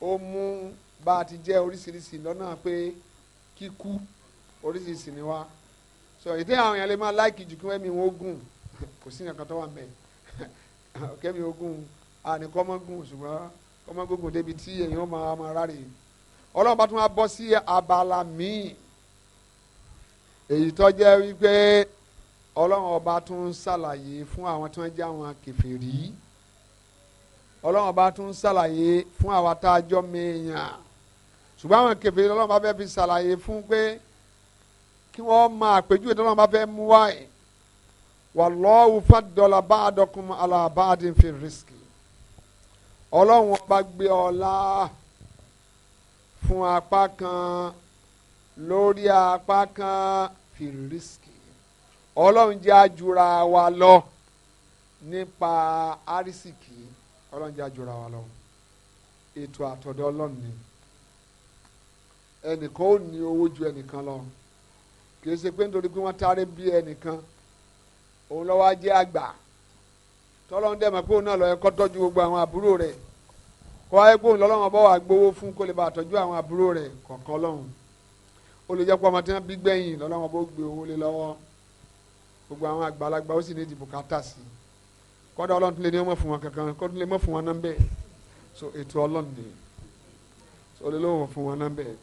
ó mú bá a ti jẹ́ oríṣiríṣi lọ́nà pé kíkú oríṣiríṣi ni wá so ìdí àwọn yẹn lè máa láìkì jù kí wọ́n mi wọ́n gùn kò sí nǹkan tó wà mẹ́ kẹ́mi ogun àní kọ́mọ́gùn ṣùgbọ́n kọ́mọ́gùn débi tí èèyàn máa máa ráre ọlọ́run bá tún wá bọ́ sí abala míì èyí tó jẹ́ wípé ọlọ́run ọba tún ń ṣàlàyé fún àwọn tí wọ́n jẹ́ àwọn kèfèrí ọlọ́run ọba tún ń ṣàlàyé fún àwọn tá a jọ mẹ́yàn ṣùgbọ́n àwọn kèfèrí ọlọ́run bá fẹ́ fi ṣàlàyé fún pé kí wọ́n mọ àpèjúwe tí wọ́n bá fẹ́ mú wá ẹ̀ wallahu faddala ba'dakum ala ba'din fi rizqi ọlọ́run ọba gbé ọlá fún apá kan lórí apá kan fi rizqi ọlọ́run jẹ́ àjùra wa lọ nípa arísìkì ọlọ́run jẹ́ àjùra wa lọ ètò àtọ̀dọ̀ ọlọ́run ni ẹnìkan ò ní owó ju ẹnìkan lọ kì í ṣe pé nítorí pé wọ́n tarí bí ẹnìkan òun lọ́wọ́ jẹ́ àgbà tọ́lọ́n dẹ̀ mọ̀ pé òun náà lọ́ọ́ kọ́ tọ́jú gbogbo àwọn àbúrò rẹ̀ kọ́ ayé pé òun lọ́lọ́wọ́n bọ́ wà gbowó fún kó lè bá àtọ́jú àwọn àbúrò rẹ̀ kọ̀ọ̀kan lọ́hùn ó lè jẹ́ pé ọmọ tí wọ́n bí gbẹ̀yìn lọ́lọ́wọ́n bó gbé owó lé lọ́wọ́ gbogbo àwọn àgbàlagbà ó sì ní ìdìbò kátà sí i kọ́dà ọlọ́run tún lè ní ọmọ fún wọn kankan kó so ètò ọlọ́run so lè lọ́wọ́ fún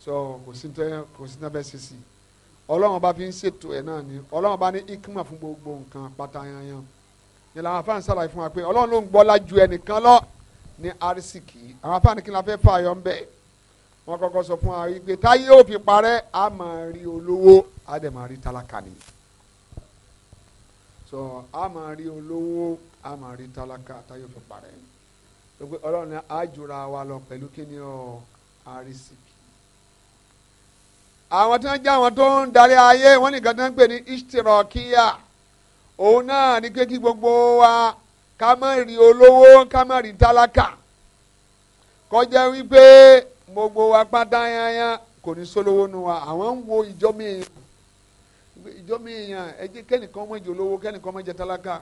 so kò sí ọlọ́run bá fi ń ṣètò ẹ̀ náà ni ọlọ́run bá ní ikma fún gbogbo nǹkan pátá yanyan ni làwọn afáàn sàlàyé fún wa pé ọlọ́run ló ń gbọ́lá ju ẹnìkan lọ ní arísìkì àwọn afáàn kí n la fẹ́ fà yọ ń bẹ̀ wọ́n kọ́kọ́ sọ fún wa wípé táyé ó fi parẹ́ a máa rí olówó a dẹ̀ máa rí tálákà ni so a máa rí olówó a máa rí tálákà táyé ó fi parẹ́ ọlọ́run á jura wa lọ pẹ̀lú kí ni ọ arísìkì. àwọn tí wọ́n jẹ́ àwọn tó ń darí ayé wọn nìkan tó ń pè ní ìṣirọ̀kíyà òun náà ní pé gbogbo wa ká má rí olówó ká má rí tálákà kọjá wípé gbogbo wa pátá yányán kò ní sólówó nu wa àwọn ń wo ìjọba èèyàn ìjọba èèyàn ẹ jẹ́ kẹ́nìkan má jẹ́ olówó kẹ́nìkan má jẹ́ tálákà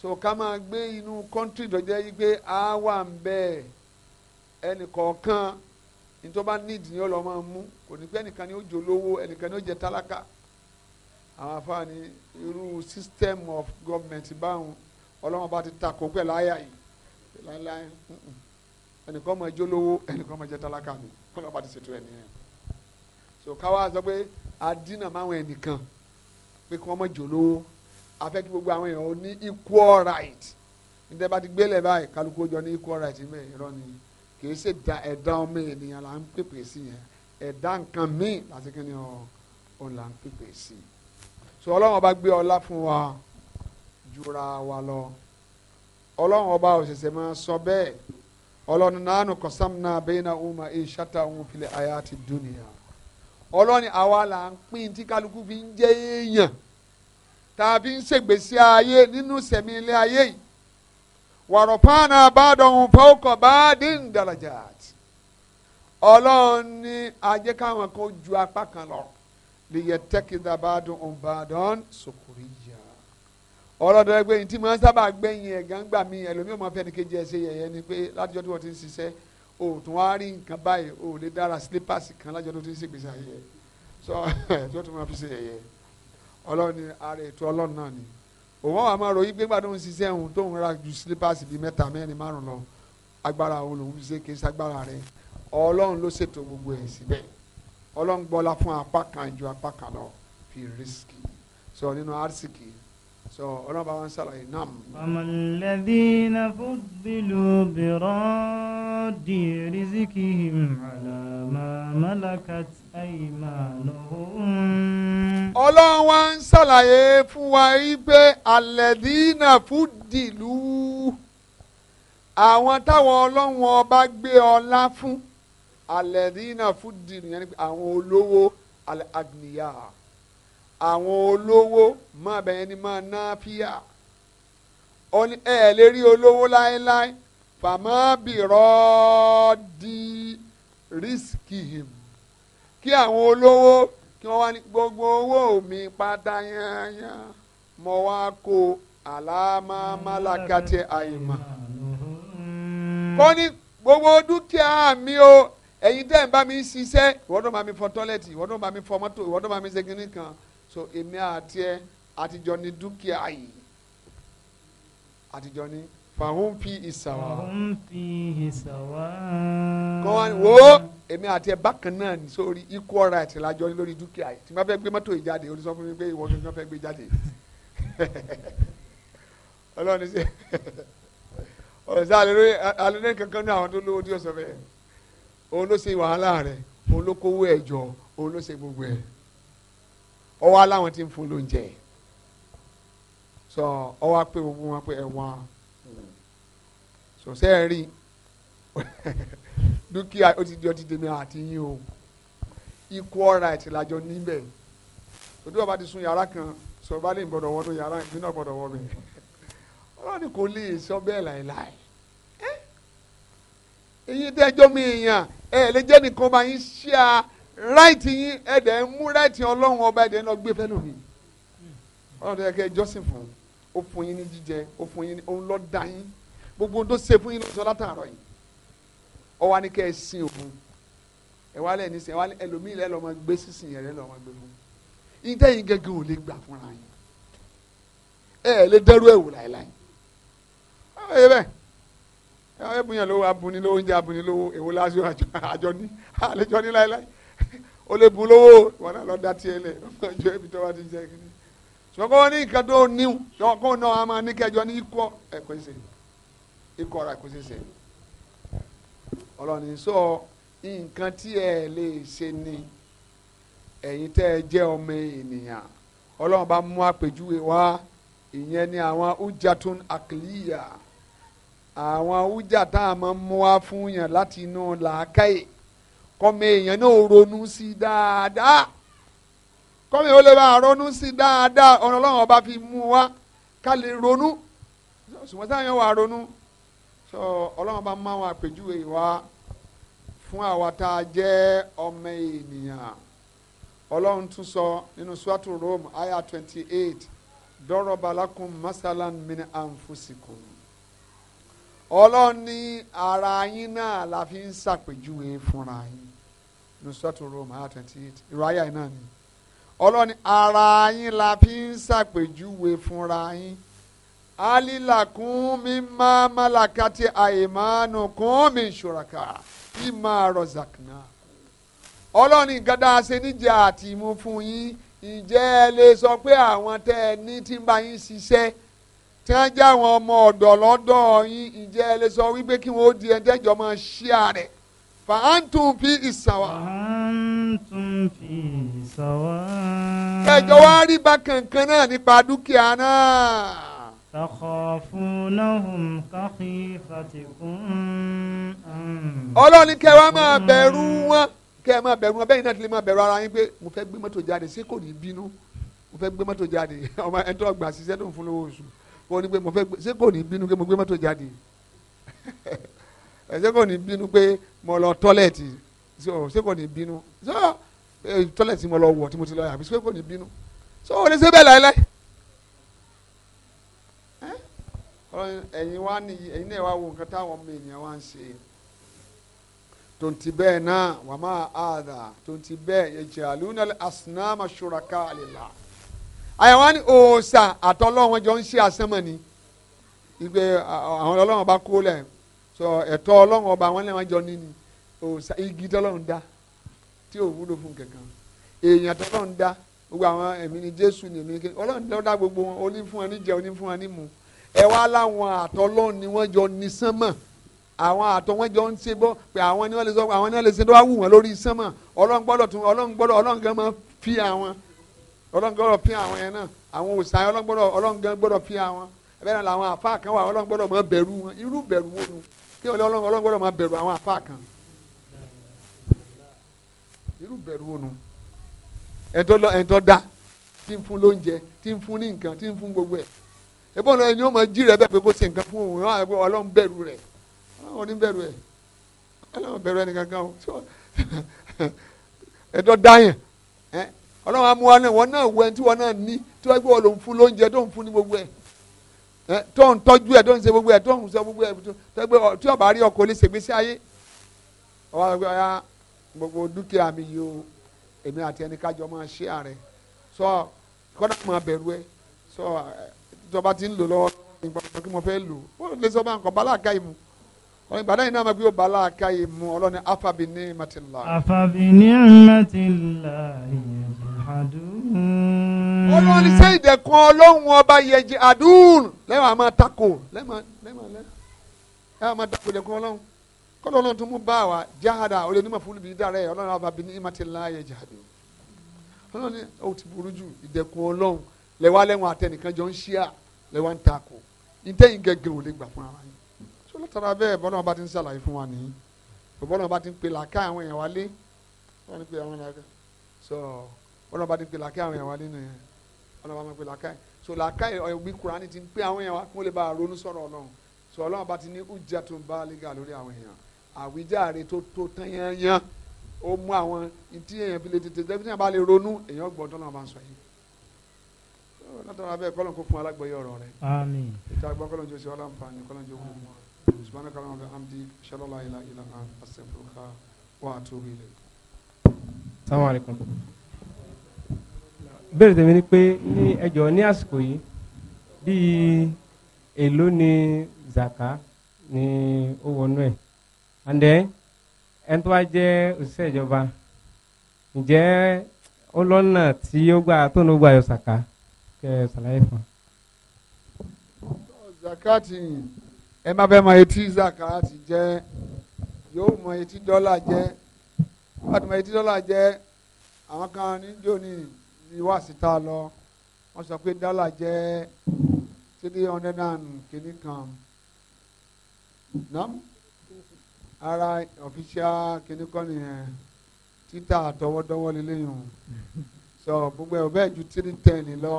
so ká máa gbé inú kọ́ńtì dọ̀jẹ́ yí pé a wà ń bẹ́ẹ̀ ẹnìkọ̀ọ̀kan ní tó bá nídìí ni ó lọ máa mú kò ní pẹ́ ẹnìkan ni ó jẹ olówó ẹnìkan ni ó jẹ tálákà àwọn afáàní irú system of government báwọn ọlọ́wọ́n bá ti ta kó pẹ̀lú àyà yìí láéláé ẹnìkan máa jẹ olówó ẹnìkan máa jẹ tálákà ni ọlọ́wọ́n ti ṣètò ẹ̀ nìyẹn so káwá sọ pé adínà máwọn ẹnìkan pé kí wọ́n máa jẹ olówó afẹ́ kí gbogbo àwọn èèyàn ó ní equal right níta bá ti gbélé báyìí kálukú jọ ní equal right mẹ́rin irọ́ nìyẹn kì í ṣe ẹ̀dá ọmọ ènìyàn là ń pèpè sí yẹn ẹ̀dá nǹkan míì láti kí ni ọ òun là ń pèpè sí i so ọlọ́run ọba gbé ọlá fún wa jura wa lọ ọlọ́run ọba òṣìṣẹ́ máa sọ bẹ́ẹ̀ ọlọ́run nánú kọ́sámúná bẹ́ẹ̀nà ọmọ ìṣàtà ọmọ fìlẹ̀ ayé àti dúnìyà ọlọ́run àwa là ń pín tí kálukú fi ń jẹ́ èèyàn tàbí ń ṣègbésí ayé nínú sẹ̀mí ilé ayé yìí wàrọ̀pánà bàdọ̀hún fọ́ọ̀kọ̀ bá dín darajat ọlọ́run ní ajẹ́ káwọn kan ju apá kan lọ lèyẹ tẹ́kìdá bàdọ̀hún bàdọ̀hún sòkòrìyà ọlọ́dọ̀ ẹgbẹ́ yìí tí mo sábà gbẹ̀yìn ẹ̀ gángbà mi ẹlòmíì ọmọ afẹ́ ni kejì ẹ̀ ṣe yẹ̀yẹ́ ni pé látijọ́ tí wọ́n ti ń ṣiṣẹ́ o tún wá rí nǹkan báyìí o lè dára slippers kan látijọ́ tó ti ń ṣègbèsè ayẹ sọ ẹ̀ tí wọ́n tún máa fi ṣe yẹ̀yẹ́ ọlọ́run ni ara ètò ọlọ́run náà ni òun àwọn àmọ́ ròyìn pé gbàdúrà ń ṣiṣẹ́ òun tó ń ra ju sílípàsì bíi mẹ́ta mẹ́rin márùn lọ agbára òun lòun fi ṣe kí sagbára rẹ ọlọ́run ló ṣètò gbogbo ẹ̀ síbẹ̀ ọlọ́run gbọ́lá fún apá kan ju apá kan lọ fi rìsíkì sọ nínú àrísìkì sọ ọlọ́run bá wọn sàlàyé nam. amalẹ́dínà fúdìlù bìrọ̀ di rizikihim alama malakat aymanuhum. ọlọ́run wa ń sàlàyé fún wa wípé alẹ́dínà fúdìlù àwọn táwọn ọlọ́run ọba gbé ọlá fún alẹ́dínà fúdìlù yẹn ni àwọn olówó alẹ́ agniya àwọn olówó máa bẹ̀yẹn ni máa ná fíà ó ní ẹ lè rí olówó láéláé fàmọ́ bìrọ́ di rísíkì him kí àwọn olówó kí wọ́n wá ní gbogbo owó mi pátá yányá mo wá kó àlámámálákàtì àyìnmọ́ kọ́ ní gbogbo dúkìá mi o ẹ̀yin tẹ́ ń bá mi ṣiṣẹ́ ìwọ́n tó bá mi fọ tọ́lẹ̀tì ìwọ́n tó mi fọ mọ́tò ìwọ́n tó mi ṣe kínní kan so èmi àti ẹ àtijọ́ ni dúkìá yìí àtijọ́ ni fàhún fi ìsàwà. fàhún fi ìsàwà. kọ́ wo èmi àti ẹ bákan náà ní sórí equal right lájọ ní lórí dúkìá yìí tí wọ́n fẹ́ gbé mọ́tò yìí jáde olùsọ fún mi pé ìwọ kankan fẹ́ gbé jáde ọlọ́run ṣe ọ̀rọ̀ sí alẹ́ kankan ní àwọn tó lówó tí sọ bẹ́ẹ̀ òun ló ṣe wàhálà rẹ̀ òun ló kówó ẹ̀ jọ òun ló ṣe gbogbo ẹ̀ ọwọ́ aláwọn ti ń fún lóúnjẹ sọ ọwọ́ pé gbogbo wọn pé ẹ̀wọ̀n sọ̀sẹ́ rí dúkìá ó ti di ọtí dèmi àti yín o ikú ọ̀ra ẹ̀tì lájọ níbẹ̀ òdú ọba ti sun yàrá kan sọba lè gbọdọ̀ wọ́n tó yàrá ìpín náà gbọdọ̀ wọ́n mi ọlọ́ni kò lè sọ bẹ́ẹ̀ láìláì èyí tẹ́jọ́ mi èèyàn ẹ̀ lè jẹ́ nìkan bá yín ṣíà ráìtì yín ẹ̀dẹ̀ ń mú ráìtì ọlọ́run ọba ẹ̀dẹ̀ lọ gbé fẹ́lẹ̀ mi ọlọ́run tó yẹ kẹ́ ẹ jọ́sìn fún ó fún yín ní jíjẹ ó fún yín òun ló dá yín gbogbo ohun tó ṣe fún yín ló sọ látàárọ̀ yìí ó wá ní kẹ́ ẹ sin òun ẹ wá lẹ́yìn nísìnyí ẹ wá ẹlòmíì lẹ́ lọ́mọ gbé sísìn yẹn lẹ́ lọ́mọ gbé fún yín tẹ́yìn gẹ́gẹ́ ò lè gbà fúnra yín ẹ ẹ lè dẹ́rù ẹ̀wò láìláì ẹ bùn yẹn lówó abuni oúnjẹ abuni èwo lásìkò àjọ ní àlejò ní láìláì ó lè bu lówó wọn náà lọ da tiẹ̀ lẹ̀ ọjọ́ ibi tó bá ti jẹ́ kiri ṣùgbọ́n kó ní nǹkan tó níw ṣùgbọ́n kó náà a máa ní kẹjọ ní ikọ́ ẹ̀kọ́ ṣe ikọ́ ra ẹ̀kọ́ ṣe ṣe ọlọ́ni sọ nǹkan tí ẹ lè ṣe ni ẹ̀yin tẹ́ ẹ jẹ́ ọmọ ènìyàn ọlọ́run bá mú àpèjúwe wá ìyẹn ni àwọn ujatun akiliya àwọn ujata tá a máa mú wá fún yàn láti inú làákàyè. No kọ́mọ èèyàn náà ronú sí i dáadáa kọ́mọ èèyàn ó lè bá a ronú sí i dáadáa ọ̀nà ọlọ́run ọba fi mú wa ká lè ronú ṣùgbọ́n táwọn èèyàn wà ronú sọ ọlọ́run ọba máa wọn àpèjúwe wa fún àwa tá a jẹ́ ọmọ ènìyàn ọlọ́run tún sọ nínú swatu Rome aya twenty eight dọ́rọ̀ balakun masalan min anfusikum ọlọ́run ní ara yín náà la fi ń ṣàpèjúwe fúnra yín nusratu Rome ayah twenty eight irú ayah yìí náà ni ọlọ́ni ara yín la fi ń ṣàpèjúwe fúnra yín alilakun mi máa malakati àìmánu kún mi ṣòraka ìmọ̀ àròzàkùnà ọlọ́ni nǹkan dáa ṣe níjà àti ìmú fún yín ǹjẹ́ ẹ lè sọ pé àwọn tẹ́ ẹ ní tí ń bá yín ṣiṣẹ́ tí wọ́n jẹ́ àwọn ọmọ ọ̀dọ̀ lọ́dọ̀ yín ǹjẹ́ ẹ lè sọ wípé kí wọ́n ó di ẹ̀ńtẹ́jọ́ máa ṣí àrẹ̀ fàántùn fi ìsàwà. fàántùn fi ìsàwà. kẹjọ wá rí bákan kan náà nípa dúkìá náà. takhafunahum kakhifatikum. ọlọ́ni kẹ wá máa bẹ̀rù wọn kẹ ẹ máa bẹ̀rù wọn bẹ́ẹ̀ ni náà ti lè máa bẹ̀rù ara yín pé mo fẹ́ gbé mọ́tò jáde ṣé kò ní bínú mo fẹ́ gbé mọ́tò jáde ọmọ ẹ̀ tó gbà ṣiṣẹ́ tó ṣé kò ní bínú pé mo lọ tọ́lẹ̀tì ṣé kò ní bínú ṣé tọ́lẹ̀tì mo lọ wọ̀ tí mo ti lọ yàgbé ṣé kò ní bínú ṣé o lè ṣe bẹ́ẹ̀ láéláé. ẹ̀yin wá nìyí ẹ̀yin náà wá wo nǹkan táwọn ọmọ ènìyàn wá ń ṣe tonti bẹ́ẹ̀ náà wà máa àdà tonti bẹ́ẹ̀ ẹ̀jẹ̀ àlùnálẹ̀ àsìnáàmà ṣuraka àlèlà. àyàwó ni òòṣà àtọ́lọ́wọ́n jọ ń ṣe àsánmọ̀ ni ìgbé àwọn ọlọ́wọ́n bá kó lẹ̀ sọ ẹ̀tọ́ ọlọ́run ọba wọn lè jọ níní òòsà igi tọ́lọ́run dá tí ò wúlò fún kankan èèyàn tọ́lọ́run dá gbogbo àwọn ẹ̀mí ni jésù ni èmi kékeré ọlọ́run tó dá gbogbo wọn ó ní fún wọn ní jẹ ó ní fún wọn ní mu ẹ wá láwọn àtọ́lọ́run ni wọ́n jọ ní sánmọ̀ àwọn àtọ́ wọn jọ ń ṣe bọ́ pé àwọn ni wọ́n lè sọ àwọn ni wọ́n lè ṣe tó wá wù wọ́n lórí sánmọ̀ ọlọ́run gbọ́dọ̀ tún ọlọ́run gbọ́dọ̀ ọlọ́run gan máa fi àwọn ọlọ́run gbọ́dọ̀ fi àwọn yẹn náà àwọn òòsàn ọlọ́run gbọ́dọ̀ ọlọ́run gan gbọ́dọ̀ fi àwọn ẹ̀bẹ̀ náà làwọn àfa kan wà ọlọ́run máa bẹ̀rù wọn irú bẹ̀rù wọn kí ọlọ́run ọlọ́run gbọ́dọ̀ máa bẹ̀rù àwọn àfa kan irú bẹ̀rù ònu ẹ̀ńtọ́ lọ ẹ̀ńtọ́ dá tí ń fún lóúnjẹ tí ń fún ní nǹkan tí ń fún gbogbo ẹ̀ ẹ̀bọ́n náà ẹni ó máa jí rẹ̀ bẹ́ẹ̀ pé kó ṣe nǹkan fún òun ọlọ́run bẹ̀rù rẹ̀ ọlọ́run ní bẹ̀rù ẹ̀ ọlọ́run bẹ̀rù ẹnì kankan o ẹ̀ńtọ́ dáyàn ọlọ́run amúwa náà wọn náà wọ tí wọn náà ní tí wọ́n gbé wọn lòún fún lóúnjẹ tó ń fún ní gbogbo ẹ̀ tó ń tọ́jú ẹ̀ tó ń ṣe gbogbo ẹ̀ tó ń sọ gbogbo ẹ̀ tẹ́gbẹ́ tí ọba rí ọkọ̀ lè ṣègbésí ayé ọba sọ pé ọya gbogbo dúkìá mi yìí o èmi àti ẹni kájọ máa ṣe àrẹ sọ kọ́dà máa bẹ̀rù ẹ sọ ìjọba ti ń lò lọ́wọ́ ìgbà kí mo fẹ́ lò ó lè sọ bá nǹkan bá láàká ìmú ọlọ́ni ìgbà náà máa gbé ó bala aka yìí mu ọlọ́ni afabi ní matila. afabi ní matila yẹjihadun. ọlọ́ni ṣé ìdẹ̀kùn ọlọ́run ọba yẹjihadun lẹ́wọ̀n a máa lẹ́wọ̀n lẹ́wọ̀n lẹ́wọ̀n ìdẹ̀kùn ọlọ́run kọ́lọ́ ọlọ́run tó mú bá wa jáhada olè onímọ̀ fún ibi dára ẹ̀ ọlọ́run afabi ní matila yẹjihadun. ọlọ́ni ó ti burú jù ìdẹ̀kùn ọlọ́run lẹ́wọ̀n látara bẹ́ẹ̀ bọ́lá ọba ti ń ṣàlàyé fún wa nìyí bọ́lá ọba ti ń pe làákà àwọn èèyàn wálé wọ́n pe àwọn làákà so bọ́lá ọba ti ń pe làákà àwọn èèyàn wálé nìyẹn bọ́lá ọba máa pe làákà yìí so làákà ìwé Kùránì ti ń pe àwọn èèyàn wá kí lè bá ronú sọ̀rọ̀ Ọlọ́run so Ọlọ́run ọba ti ní ujá tó ń bá lẹ́gà lórí àwọn èèyàn àwíjàre tó tó tán yányán ó mú àwọn ìdí èèyàn fi lè tètè jẹ́ bí wọ́n bá lè ronú èèyàn gbọ́n tọ́lọ́ bá ń sọ yìí látara bẹ́ẹ̀ kọ́lọ́n kó fún alágbèyẹ ọ̀rọ̀ rẹ̀ àmín ìta gbọ́ kọ́lọ́n jọ sí ọlọ́nfààní kọ́lọ́n jọ wọ́n mọ́. سبحانك اللهم وبحمدك اشهد ان لا اله الا انت استغفرك ni pé ní ẹjọ ní àsìkò yìí bíi èló ni zaka ni ó wọnú ẹ and then ẹni tó wá jẹ́ òṣìṣẹ́ ìjọba ǹjẹ́ ó lọ́nà tí ó gbà tó ní ó gbà yọ zaka kẹ ṣàlàyé fún un. zakati ẹ má fẹ́ mọ etí zakati jẹ́ yóò mọ etí dọ́là jẹ́ ti mọ etí dọ́là jẹ́ àwọn kan níjó ní ìwà síta lọ wọ́n sọ pé dọ́là jẹ́ three hundred and kìíní kan nam ara official kìíní kan nìyẹn títà àtọwọ́dọ́wọ́ lélẹ́yìn o sọ gbogbo ẹ̀ ò bẹ́ẹ̀ ju three ten lọ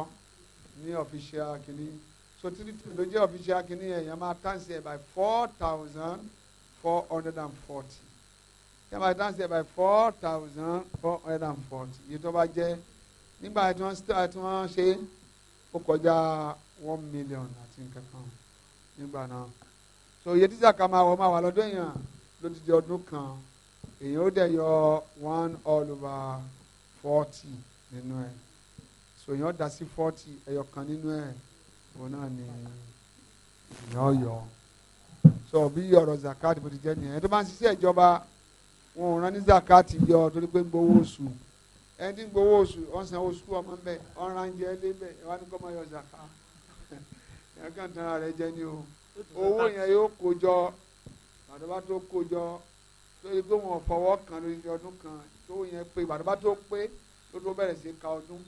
ní official kìíní so three two ló jẹ́ official kìíní yẹn yẹn máa times it by four thousand four hundred and forty yẹn máa times it by four thousand four hundred and forty yìí tó bá jẹ́ nígbà tí wọ́n tí wọ́n ṣe ó kọjá one million àti nǹkan kan nígbà náà so iye tí sàkà máa wọ máa wà lọ́dọ̀ èèyàn ló ti di ọdún kan èèyàn ó dẹ̀ yọ one all over forty nínú ẹ̀ so èèyàn dá sí forty ẹyọ kan nínú ẹ̀ òun náà ni èèyàn ọyọ sọ bí ọ̀rọ̀ zakat bó ti jẹ́ nìyẹn ẹni tó bá ń ṣiṣẹ́ ìjọba wọn ò rán ní zakat yọ torí pé ń gbowó oṣù ẹni tí ń gbowó oṣù ọ̀sán oṣù ọmọ ń bẹ ọ̀ràn ń jẹ lé bẹ ẹ wá ní yọ zakat ẹ̀ kàn tán ara rẹ jẹ ní o owó yẹn yóò kó jọ àdàbà tó kó jọ lórí pé wọn fọwọ́ kan lórí ọdún kan tó yẹn pé àdàbà tó pé tó tó bẹ̀rẹ̀ sí ka ọdún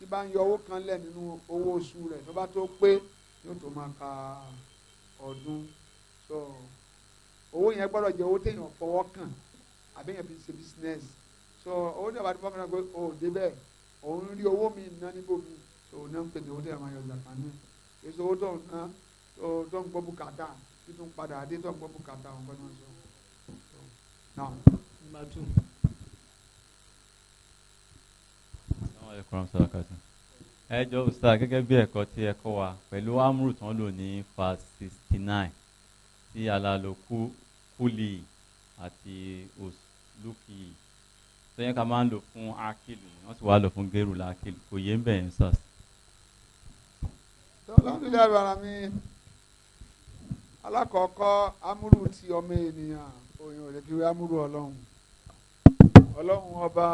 tí bá ń yọ owó kan lẹ̀ nínú owó oṣù rẹ̀ tó bá tó pé yóò tó máa ka ọdún so owó yẹn gbọ́dọ̀ jẹ́ owó téèyàn fọwọ́ kàn àbí yẹn fi ṣe business so owó náà bá ti fọwọ́ kàn pé o ò débẹ̀ òun rí owó mi ná níbo mi so òun náà ń pè ní owó téèyàn máa yọ zàkà náà èso owó tó ń ná tó ń gbọ́ bùkátà títún padà dé tó ń gbọ́ bùkátà òun kọ́ ni wọ́n sọ. ẹ jọ ọ̀sà gẹ́gẹ́ bí ẹ̀kọ́ tí ẹ kọ́ wa pẹ̀lú amúrù tán lò ní fast sixty nine tí alálòkú kúlì àti òsùlùkì sẹ́yìn ká máa ń lò fún akílù wọ́n sì wá lò fún gẹ́rù lákìlù kò yé ń bẹ̀ yẹn sọ́s. alhamdulilayi bara mi alákọ̀ọ́kọ́ amúrù ti ọmọ ènìyàn òyìnbó lè fi wé amúrù ọlọ́run ọlọ́run ọba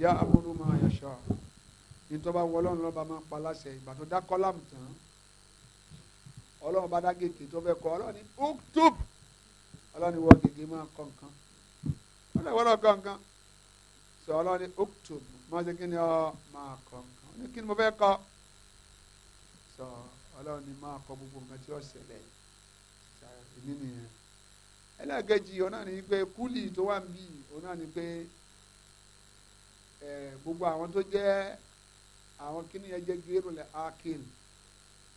yá amúnú máa yàṣọ nítorí Ọlọ́run lọ́ba máa ń pa láṣẹ ìgbà tó dá kọ́lámù tán Ọlọ́run bá dá gègé tó fẹ́ kọ́ Ọlọ́run ní uktub Ọlọ́run ní wọ́n gègé máa kọ́ nǹkan Ọlọ́run wọ́n lọ kọ́ nǹkan sọ Ọlọ́run ní uktub máa ṣe kí ni ọ máa kọ́ nǹkan ní kí ni mo fẹ́ kọ́ sọ Ọlọ́run ní máa kọ́ gbogbo nǹkan tí ó ṣẹlẹ̀ ìní nìyẹn ẹlẹ́gẹ̀jì ọ̀nà ni pé kúlì tó wà ń bì ọ̀nà ni pé. Eh, gbogbo àwọn tó jẹ́ àwọn kíní yẹn jẹ́ gérò lẹ̀ ákìlì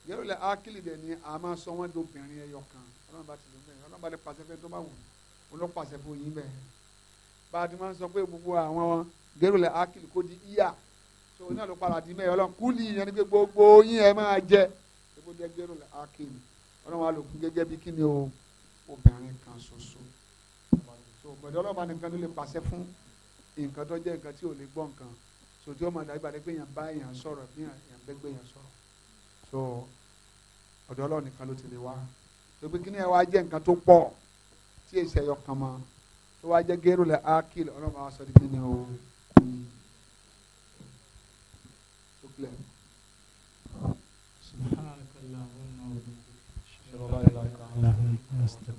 gérò lẹ̀ ákìlì dẹ̀ ni a máa sọ wọ́n dobìnrin ẹyọ kan ọlọ́run bá ti lò bẹ́ẹ̀ ọlọ́run bá lè pàṣẹ fẹ́ tó bá wù ọlọ́pàṣẹ fún yín bẹ́ẹ̀ bá a ti máa ń sọ pé gbogbo àwọn gérò lẹ̀ ákìlì kò di íyà so náà ló padà di mẹ́ẹ̀ ọlọ́run kúlì yẹn ni pé gbogbo yín ẹ máa jẹ gbogbo jẹ gérò lẹ̀ ákìlì ọlọ́run wa fún gẹ́gẹ́ bí kíni o obìnrin kan ṣoṣo so ọlọ́run nǹkan tó jẹ́ nǹkan tí ò lè gbọ́ nǹkan so tí ó máa dàgbà dé pé èèyàn bá èèyàn sọ̀rọ̀ bí èèyàn bẹ́gbẹ́ èèyàn sọ̀rọ̀ so ọ̀dọ̀ Ọlọ́run nìkan ló ti lè wá so pé kíní ẹ wá jẹ́ nǹkan tó pọ̀ tí èsì ẹ̀yọ kan mọ́ tó wá jẹ́ gẹ́rù lẹ̀ ákìlì Ọlọ́run máa sọ di kíní o tó kílẹ̀.